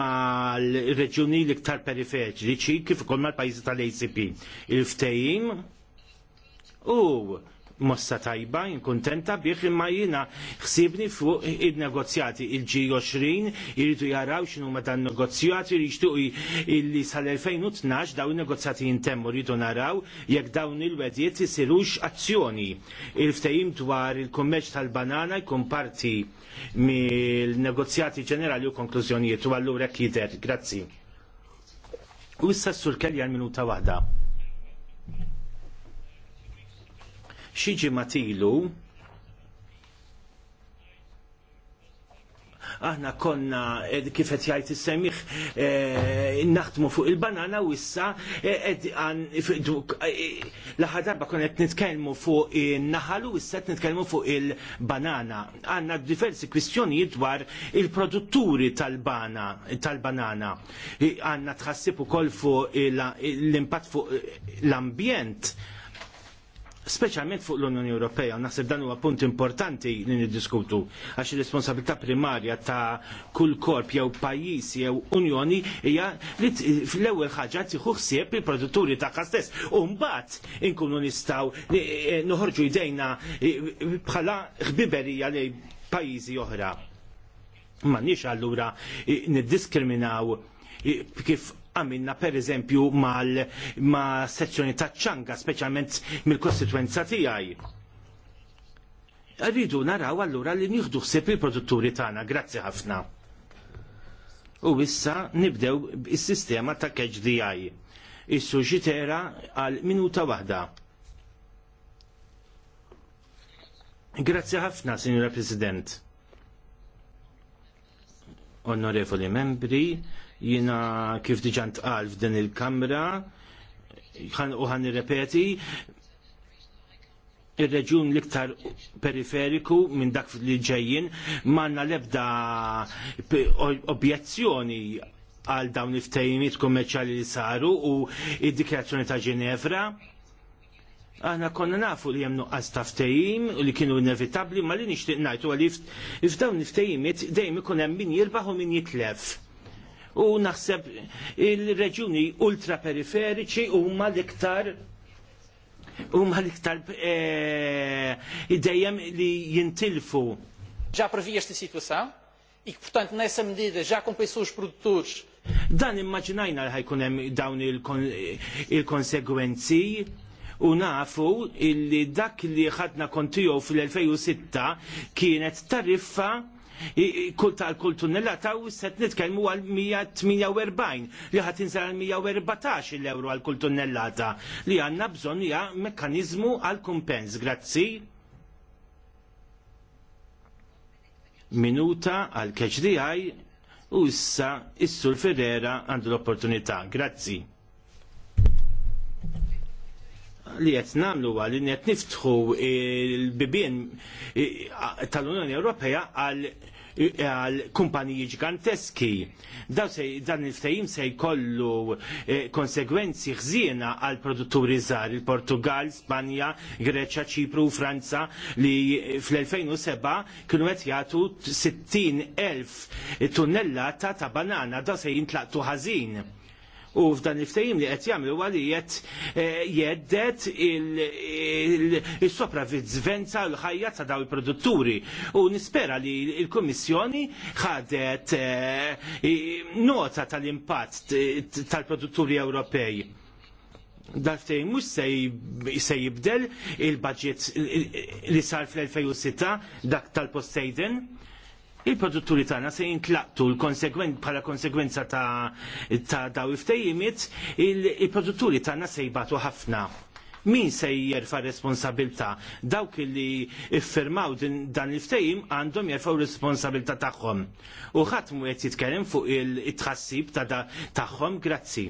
mal-reġjuni l-iktar periferiċi kif ukoll mal-pajjiżi tal-ACP. Il-ftehim u mossa tajba, inkontenta bih imma jina xsibni fuq il-negozjati il-G20 irridu jaraw xinu ma dan negozjati li jishtuq illi sal-2012 daw negozjati jintemmu rridu naraw jekk dawn il-wedjiet isirux azzjoni. il ftajim dwar il-kummerċ tal-banana jkun parti mill-negozjati ġenerali u konklużjonijiet u għallu rekkider. Grazzi. U issa s-sur minuta waħda. xieġi matilu aħna konna eh, kif qed jgħid is-semmiħ eh, naħdmu fuq il-banana u issa eh, l-aħħar darba konna qed nitkellmu fuq in-naħal u issa qed nitkellmu fuq il-banana. Għandna diversi kwistjonijiet dwar il-produtturi tal-banana. għanna tħassib kol fuq l impat fuq l-ambjent speċjalment fuq l-Unjoni Ewropea, naħseb dan huwa punt importanti li niddiskutu għax ir-responsabilità primarja ta' kull korp jew pajjiż jew Unjoni hija li fl-ewwel ħaġa tieħu ħsieb il-produtturi tagħha stess. U mbagħad inkunu nistgħu eh, noħorġu idejna eh, bħala ħbiberija lejn pajjiżi oħra. Ma nix allura eh, niddiskriminaw kif għamilna per eżempju ma' sezzjoni ta' ċanga, specialment mill-kostituenza tijaj. Rridu naraw allura li nieħdu ħsieb il-produtturi tagħna, grazzi ħafna. U issa nibdew is-sistema ta' dijaj. Issu ġitera għal minuta waħda. Grazzi ħafna, Signora President. Onorevoli membri, jina kif diġant għalf f'din il-kamra, u ħan ripeti il-reġjun l-iktar periferiku minn dak li ġejjin manna lebda objezzjoni għal dawn il-ftejimiet kummerċali li saru u id dikrazzjoni ta' Ġenevra. Aħna konna nafu li jemnu għasta ftejim li kienu inevitabli ma li nixtieq ngħidu għal if dawn il dejjem ikun hemm min jirbaħ u min jitlef u naħseb il-reġuni ultra periferiċi huma l-iktar huma l-iktar eh, dejjem li jintilfu. Ġa previa esta situação e que, nesem nessa medida, já produtturx. Dan immaġinajna li ħajkun hemm dawn il-konsegwenzi u nafu li dak li ħadna kontiju fil-2006 kienet tariffa kull tal-kull tunnella ta' u set nitkelmu għal 148 li ħat inżel għal 114 l-euro għal kull tunnellata li għanna bżon hija mekkanizmu għal kumpens. Grazzi. Minuta għal keċ u issa is-Sur Ferrera għandu l-opportunità. Grazzi li qed nagħmlu huwa li qed niftħu l-bibien tal-Unjoni Ewropea għal għal kumpaniji ġiganteski. Dan il-ftajim se jkollu eh, konsegwenzi ħżiena għal produtturi żgħar il-Portugal, Spanja, Greċja, Ċipru, Franza li fl-2007 kienu qed jagħtu 60,000 tunnellata ta' banana da se jintlaqtu ħażin U f'dan il ftajim li qed jagħmlu huwa li eh, jeddet il-sopravvivenza l ħajja ta' daw il-produtturi. U nispera li l-Kummissjoni ħadet eh, nota tal-impatt tal-produtturi Ewropej dal-ftejn mux se jibdel il-budget li sar fl-2006 dak tal-Poseidon il-produtturi tagħna se jintlaqtu l konsegwent bħala konsegwenza ta', ta daw iftejjimiet, il-produtturi tagħna se jibatu ħafna. Min se jerfa' responsabilità? Dawk li iffirmaw dan il-ftejim għandhom jerfaw responsabilità tagħhom. U ħadd mu qed jitkellem fuq il-tħassib ta' tagħhom grazzi.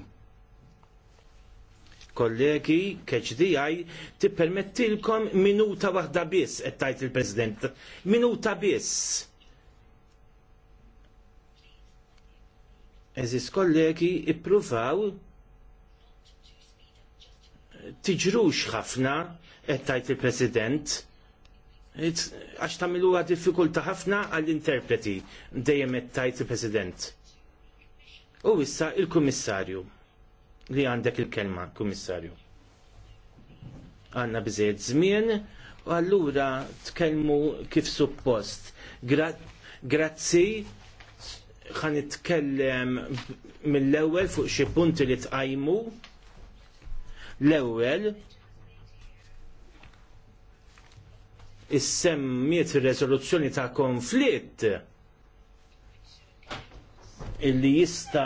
Kollegi, keċdijaj, tippermettilkom minuta waħda biss, qed tajt il-President. Minuta biss eżis kollegi ippruvaw tiġrux ħafna, qed tajt il-President, għax tamiluwa diffikulta ħafna għall-interpreti, dejjem qed tajt il-President. U issa il-Kummissarju li għandek il-kelma, Kummissarju. Għanna biżejjed żmien u allura tkellmu kif suppost. Grazzi ħan itkellem mill-ewwel fuq xi punti li tqajmu. L-ewwel is-semmiet ir-reżoluzzjoni ta' konflitt illi jista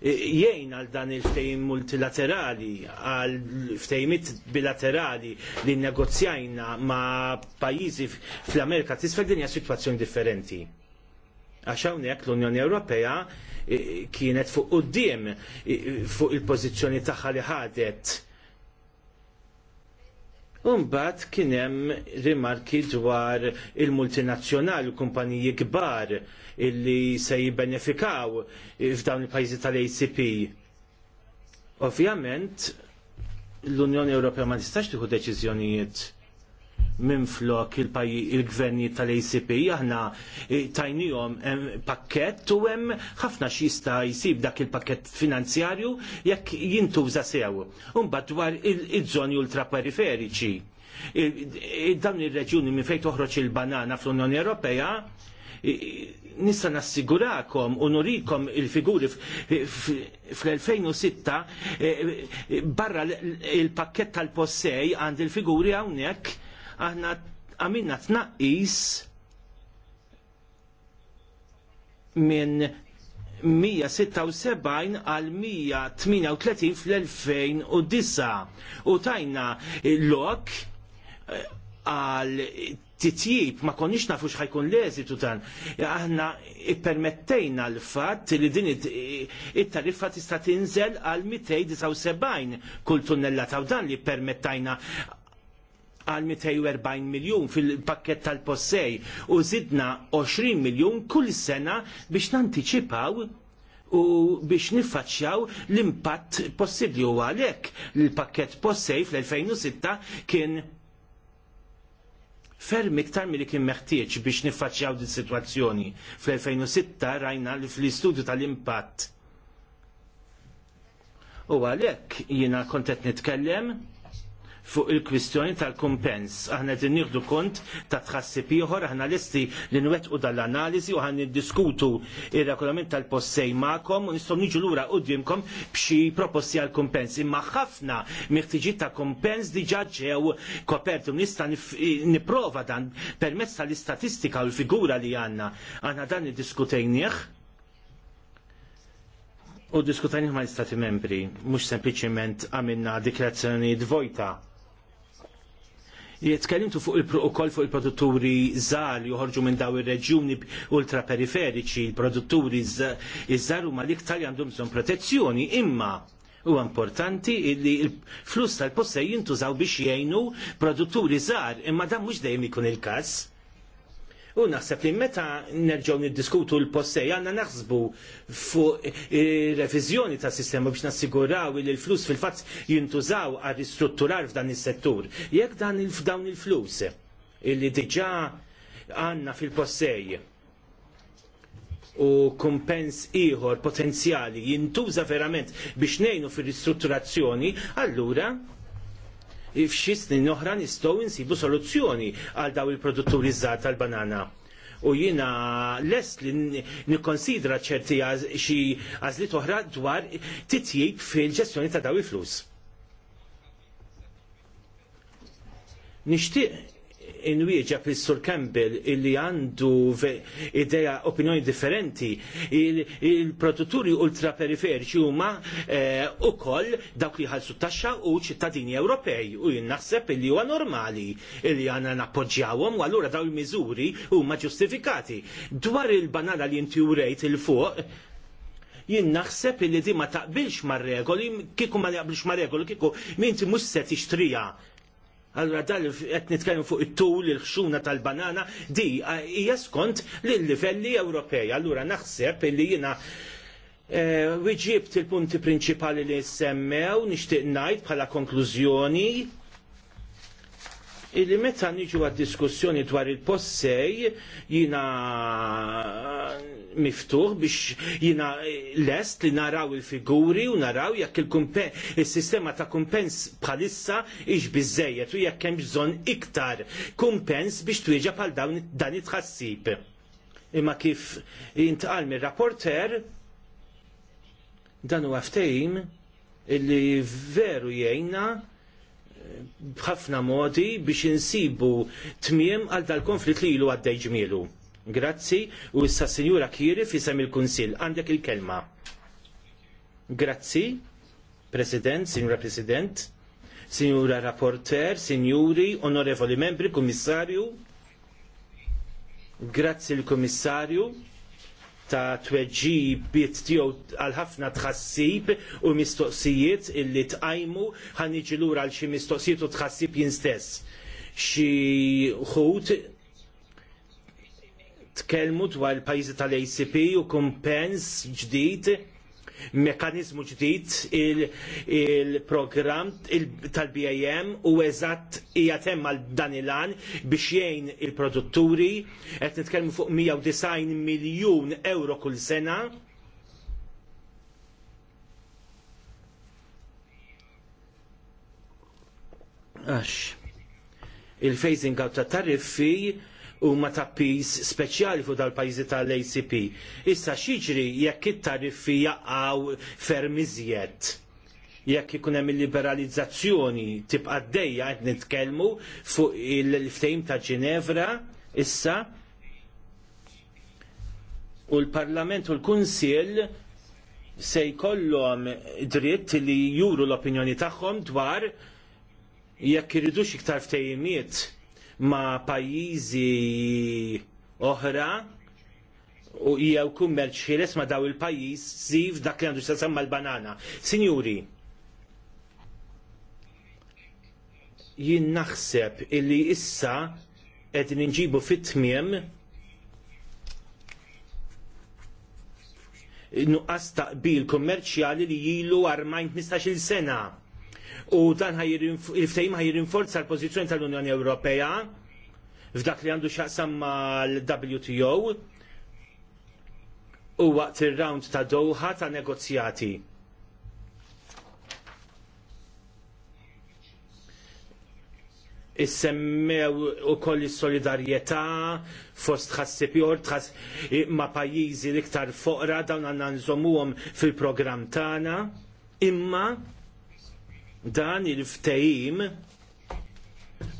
jgħin għal dan il-ftejim multilaterali, għal ftejimit bilaterali li negozjajna ma' pajizi fl-Amerika tisfel dinja situazzjoni differenti. Għax hawnhekk l-Unjoni Ewropea eh, kienet fuq quddiem eh, fuq il-pożizzjoni tagħha li ħadet. Umbat kien hemm rimarki dwar il-multinazzjonali u kumpaniji kbar illi se jibbenefikaw eh, f'dawn il-pajjiżi tal-ACP. Ovvjament l-Unjoni Ewropea ma tistax tieħu deċiżjonijiet minn flok il-gvernijiet tal-ACP aħna eh, tajnijom pakket u hemm ħafna xista jisib dak il-pakket finanzjarju jekk jintuża sew. Umba dwar il-żoni ultraperiferiċi. Dan il-reġjuni minn fejn toħroġ il-banana fl-Unjoni Ewropea eh, nista nassigurakom u nurikom il-figuri fl-2006 eh, barra il-pakket tal-possej għand il-figuri għawnek aħna għamilna tnaqqis minn 176 għal 138 fl-2009 u tajna l-lok eh, għal titjib ma konniex nafu xħajkun l-eżitu tan. Aħna permettejna l-fat li din it-tariffa tista' tinżel għal 279 kull tunnella ta' dan li permettajna għal 240 miljon fil-pakket tal-possej u zidna 20 miljon kull sena biex nantiċipaw u biex niffaċċjaw l-impatt possibli u għalek l-pakket possej fl-2006 kien ferm iktar mill kien meħtieġ biex niffaċċjaw di situazzjoni. Fl-2006 rajna li fl-istudju tal-impatt. U għalhekk jiena kont qed nitkellem fuq il-kwistjoni tal-kumpens. Aħna qed nieħdu kont ta' tħassib ieħor, aħna lesti li nwettqu dal-analiżi u ħan niddiskutu ir-regolament tal-possej magħkom u nistgħu niġu lura qudiemkom b'xi proposti għall kumpens. Imma ħafna miħtiġiet ta' kumpens diġà ġew kopertu nista' nipprova dan permezz tal-istatistika u l-figura li għandna. Aħna dan niddiskutejnieh. u diskutajni ma' istati membri, mux sempliciment għamilna dikrazzjoni dvojta Jitkellimtu fuq il-prokoll fuq il-produtturi żgħar li joħorġu minn daw ir-reġjuni ultraperiferiċi, il-produtturi żgħar huma l-iktar għandhom bżonn protezzjoni, imma huwa importanti li l-flus tal-posta jintużaw biex jgħinu produtturi żgħar, imma dan mhux dejjem ikun il-każ U naħseb li meta nerġgħu niddiskutu l-postej għandna naħsbu fuq eh, eh, reviżjoni ta' sistema biex nassiguraw li l-flus fil-fatt jintużaw għal ristrutturar f'dan is-settur. Jekk dan il-fdawn il-flus illi diġà għandna fil-postej u kumpens ieħor potenzjali jintuża verament biex ngħinu fir-ristrutturazzjoni, allura f'xi snin oħra nistgħu insibu soluzzjoni għal daw il-produtturi żgħar tal-banana. U jina lest li nikkonsidra ċerti xi għażliet oħra dwar titjib fil-ġestjoni ta' daw il-flus. Nixtieq inwieġa is sur Campbell illi għandu idea opinjoni differenti il-produtturi ultraperiferiċi huma eh, koll dawk li ħalsu taxxa u ċittadini Ewropej u jinnaħseb illi huwa normali illi għandna nappoġġjawhom u allura dawn il-miżuri huma ġustifikati. Dwar il-banana li inti urejt il-fuq jien naħseb illi di ma taqbilx mar-regoli, kieku ma jaqbilx mar-regoli, kieku minti mhux se tixtrija Allura dal qed nitkellem fuq it-tul il-ħxuna tal-banana di hija skont lill-livelli Ewropej. Allura naħseb li jiena eh, wieġibt il-punti prinċipali li semmew nixtieq ngħid bħala konklużjoni illi meta niġu għad diskussjoni dwar il-possej jina eh, miftuħ biex jina lest li naraw il-figuri u naraw jekk il-sistema ta' kumpens bħalissa iġ bizzejet u jekk hemm bżonn iktar kumpens biex twieġa pal dawn dan it Imma kif intqal mir-rapporter dan huwa ftehim illi veru jgħinna bħafna modi biex insibu tmiem għal dal-konflitt li ilu għaddej ġmielu. Grazzi u issa Sinjura Kiri fisem il-Kunsil. Għandek il-kelma. Grazzi, President, Sinjura President, Sinjura Rapporter, Sinjuri, Onorevoli Membri, Kummissarju. Grazzi il kummissarju ta' tweġibiet tiegħu għal ħafna tħassib u mistoqsijiet illi tqajmu ħan niġi lura għal xi mistoqsijiet u tħassib jien stess. Xi ħut tkellmu dwar il-pajjiżi tal-ACP u kumpens ġdid mekanizmu ġdid il-program il tal-BAM u eżatt hija mal dan il-an biex jgħin il-produtturi qed nitkellmu fuq 190 miljun euro kull sena. Għax, il-phasing out ta' tariffi huma ta' pis speċjali fuq dal-pajjiżi tal-ACP. Issa xiġri jekk it-tariffi jaqgħu ferm iżjed jekk ikun hemm il-liberalizzazzjoni tibqa' għaddejja qed nitkellmu fuq il-ftehim ta' Ġinevra issa u l-Parlament u l-Kunsill se jkollhom dritt li juru l-opinjoni tagħhom dwar jekk iridux iktar ftehimiet ma' pajjiżi oħra u jew kummerċ ma' daw il-pajjiż siv dak li għandu s-samma l-banana. Sinjuri, jien naħseb illi issa qed ninġibu fit-tmiem nuqqas taqbil kummerċjali li jilu għarmajn 15-il sena u dan il-ftehim ħajrinforza l-pożizzjoni tal-Unjoni Ewropea f'dak li għandu xaqsam mal-WTO u waqt ir-round ta' Doha ta' negozjati. issemmew u koll solidarieta fost tħass ma pajizi liktar foqra dawn għanna nżomuhom fil-program tana imma Dan il ftejim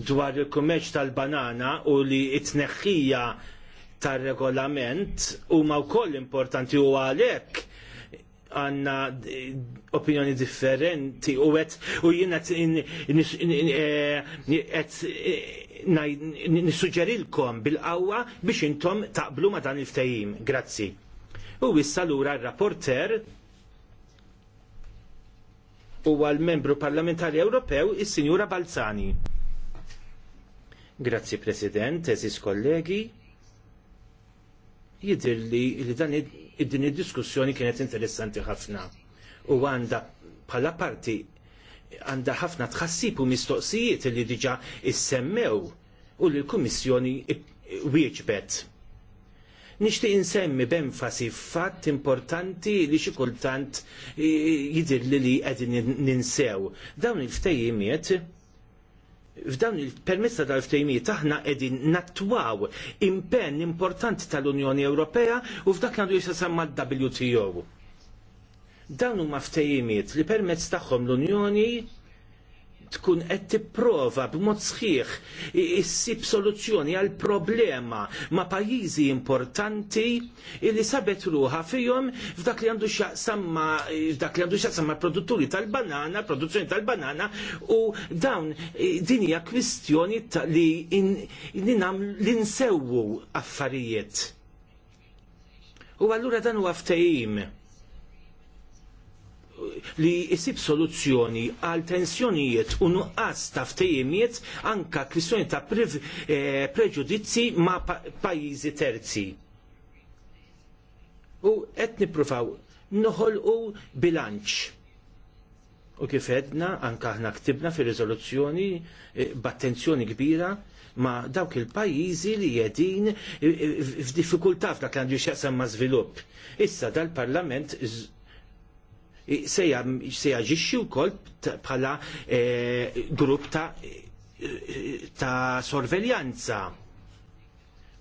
dwar il-kummerċ tal-banana u li it-tneħħija tal-regolament huma wkoll importanti u għalhekk għanna opinjoni differenti u għet u jina għet nissuġerilkom bil-qawwa biex intom taqblu ma dan il ftejim Grazzi. U issa lura r-rapporter u għal-membru parlamentari Ewropew is-Sinjura Balzani. Grazzi President, eżis kollegi. Jidir li dan id-din id-diskussjoni kienet interessanti ħafna u għanda bħala parti għanda ħafna tħassib u mistoqsijiet li diġa issemmew u li l-Kummissjoni wieġbet Nixtieq insemmi b'enfasi fatt importanti li xi kultant jidir li li qegħdin ninsew. Dawn il-ftejjimiet f'dawn il-permessa tal ftejmijiet aħna qegħdin nattwaw impenn importanti tal-Unjoni Ewropea u f'dak għandu semma l wto Dawn huma ftejimiet li permezz tagħhom l-Unjoni tkun qed tipprova b'mod sħiħ issib soluzzjoni għal problema ma' pajjiżi importanti li sabet ruħa fihom f'dak li għandu x'jaqsam ma' f'dak li għandu x'aqsam ma' produtturi tal-banana, produzzjoni tal-banana u dawn din hija kwistjoni li li nsewwu affarijiet. U allura dan huwa ftehim li jisib soluzzjoni għal tensjonijiet u nuqqas ta' ftejimiet anka kwistjoni ta' eh, preġudizzi ma' pajjiżi terzi. U qed nippruvaw noħolqu bilanċ. U kif edna, anka aħna ktibna fi riżoluzzjoni eh, b'attenzjoni kbira ma' dawk il-pajjiżi li jedin eh, f'diffikultà f'dak li għandu x'jaqsam ma' żvilupp. Issa dal-Parlament se jaġixxi wkoll bħala e, grupp ta' e, ta' sorveljanza.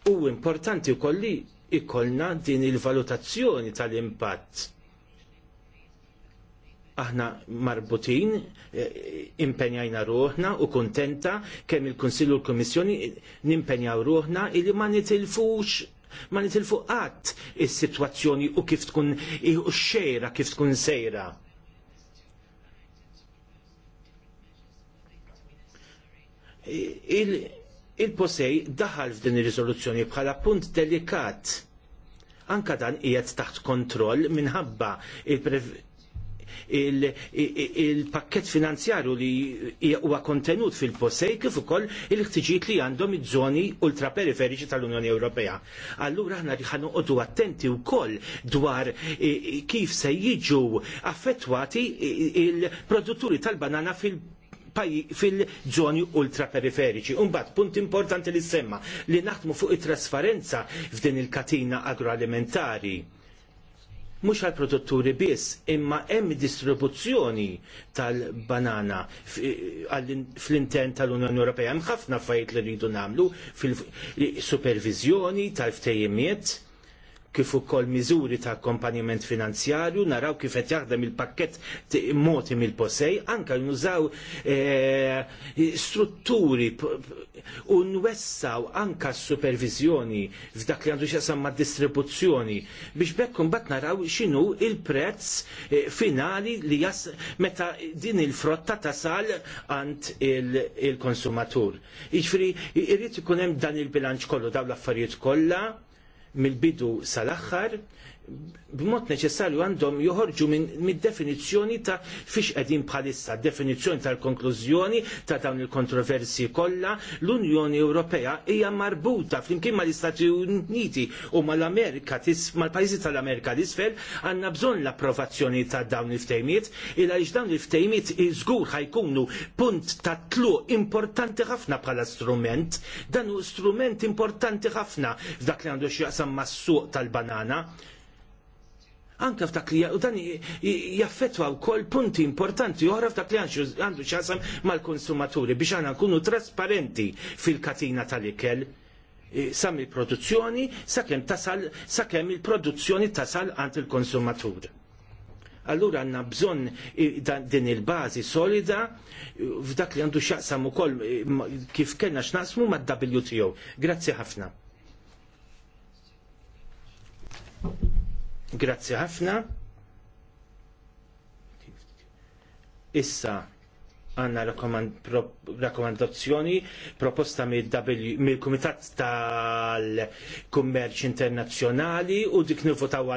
U importanti wkoll li ikollna din il-valutazzjoni tal-impatt aħna marbutin, e, impenjajna ruħna u kontenta kemm il-Konsillu u l-Komissjoni nimpenjaw ruħna li ma nitilfux ma nitilfu qatt is-sitwazzjoni u kif tkun xejra kif tkun sejra. Il-posej il daħal f'din ir-riżoluzzjoni bħala punt delikat. Anka dan qiegħed taħt kontroll minħabba il-prev il-pakket finanzjarju li huwa kontenut fil-posej kif ukoll il-ħtiġijiet li għandhom iż-żoni ultraperiferiċi tal-Unjoni Ewropea. Allura aħna li ħanoqogħdu attenti wkoll dwar kif se jiġu affettwati il-produtturi tal-banana fil fil-żoni ultraperiferiċi. Umbat, punt importanti li semma li naħdmu fuq it-trasparenza f'din il-katina agroalimentari mhux għall produtturi biss, imma hemm distribuzzjoni tal-banana fl-intern tal-Unjoni Ewropea. Hemm ħafna affarijiet li rridu nagħmlu fil-supervizjoni tal-ftejjimiet kif ukoll miżuri ta' akkompanjament finanzjarju, naraw kif qed jaħdem il-pakkett moti mill-posej, anka nużaw eh, strutturi u nwessaw anka s-supervizjoni f'dak li għandu x'jasam ma' distribuzzjoni biex bekkum bat naraw x'inhu il-prezz eh, finali li jas meta din il-frotta tasal għand il-konsumatur. Iġfri, irrit ikun hemm dan il-bilanċ kollu dawn l-affarijiet kollha mill-bidu sal-axħar b'mod neċessarju għandhom joħorġu mid definizzjoni ta' fiex qegħdin bħalissa, definizzjoni tal-konklużjoni ta' dawn il-kontroversi kollha, l-Unjoni Ewropea hija marbuta flimkien mal-Istati Uniti u mal-Amerika mal-pajjiżi tal-Amerika l-isfel għandna bżonn l-approvazzjoni ta' dawn il-ftejmiet, il għaliex dawn il-ftejmiet żgur ħajkunu punt ta' tluq importanti ħafna bħala strument, dan hu strument importanti ħafna f'dak li għandu x'jaqsam mas-suq tal-banana anka f'dak li u dan jaffetwa wkoll punti importanti oħra f'dak li għandu x'jaqsam mal-konsumaturi biex għandna nkunu trasparenti fil-katina tal-ikel sam il-produzzjoni sakemm tasal sakemm il-produzzjoni tasal għand il-konsumatur. Allura għandna bżonn din il bażi solida f'dak li għandu xaqsam ukoll kif kellna x'naqsmu mad-WTO. Grazzi ħafna. Grazzi ħafna. Issa għanna rakkomandazzjoni proposta mill-Kumitat tal-Kummerċ Internazzjonali u dik nivvotaw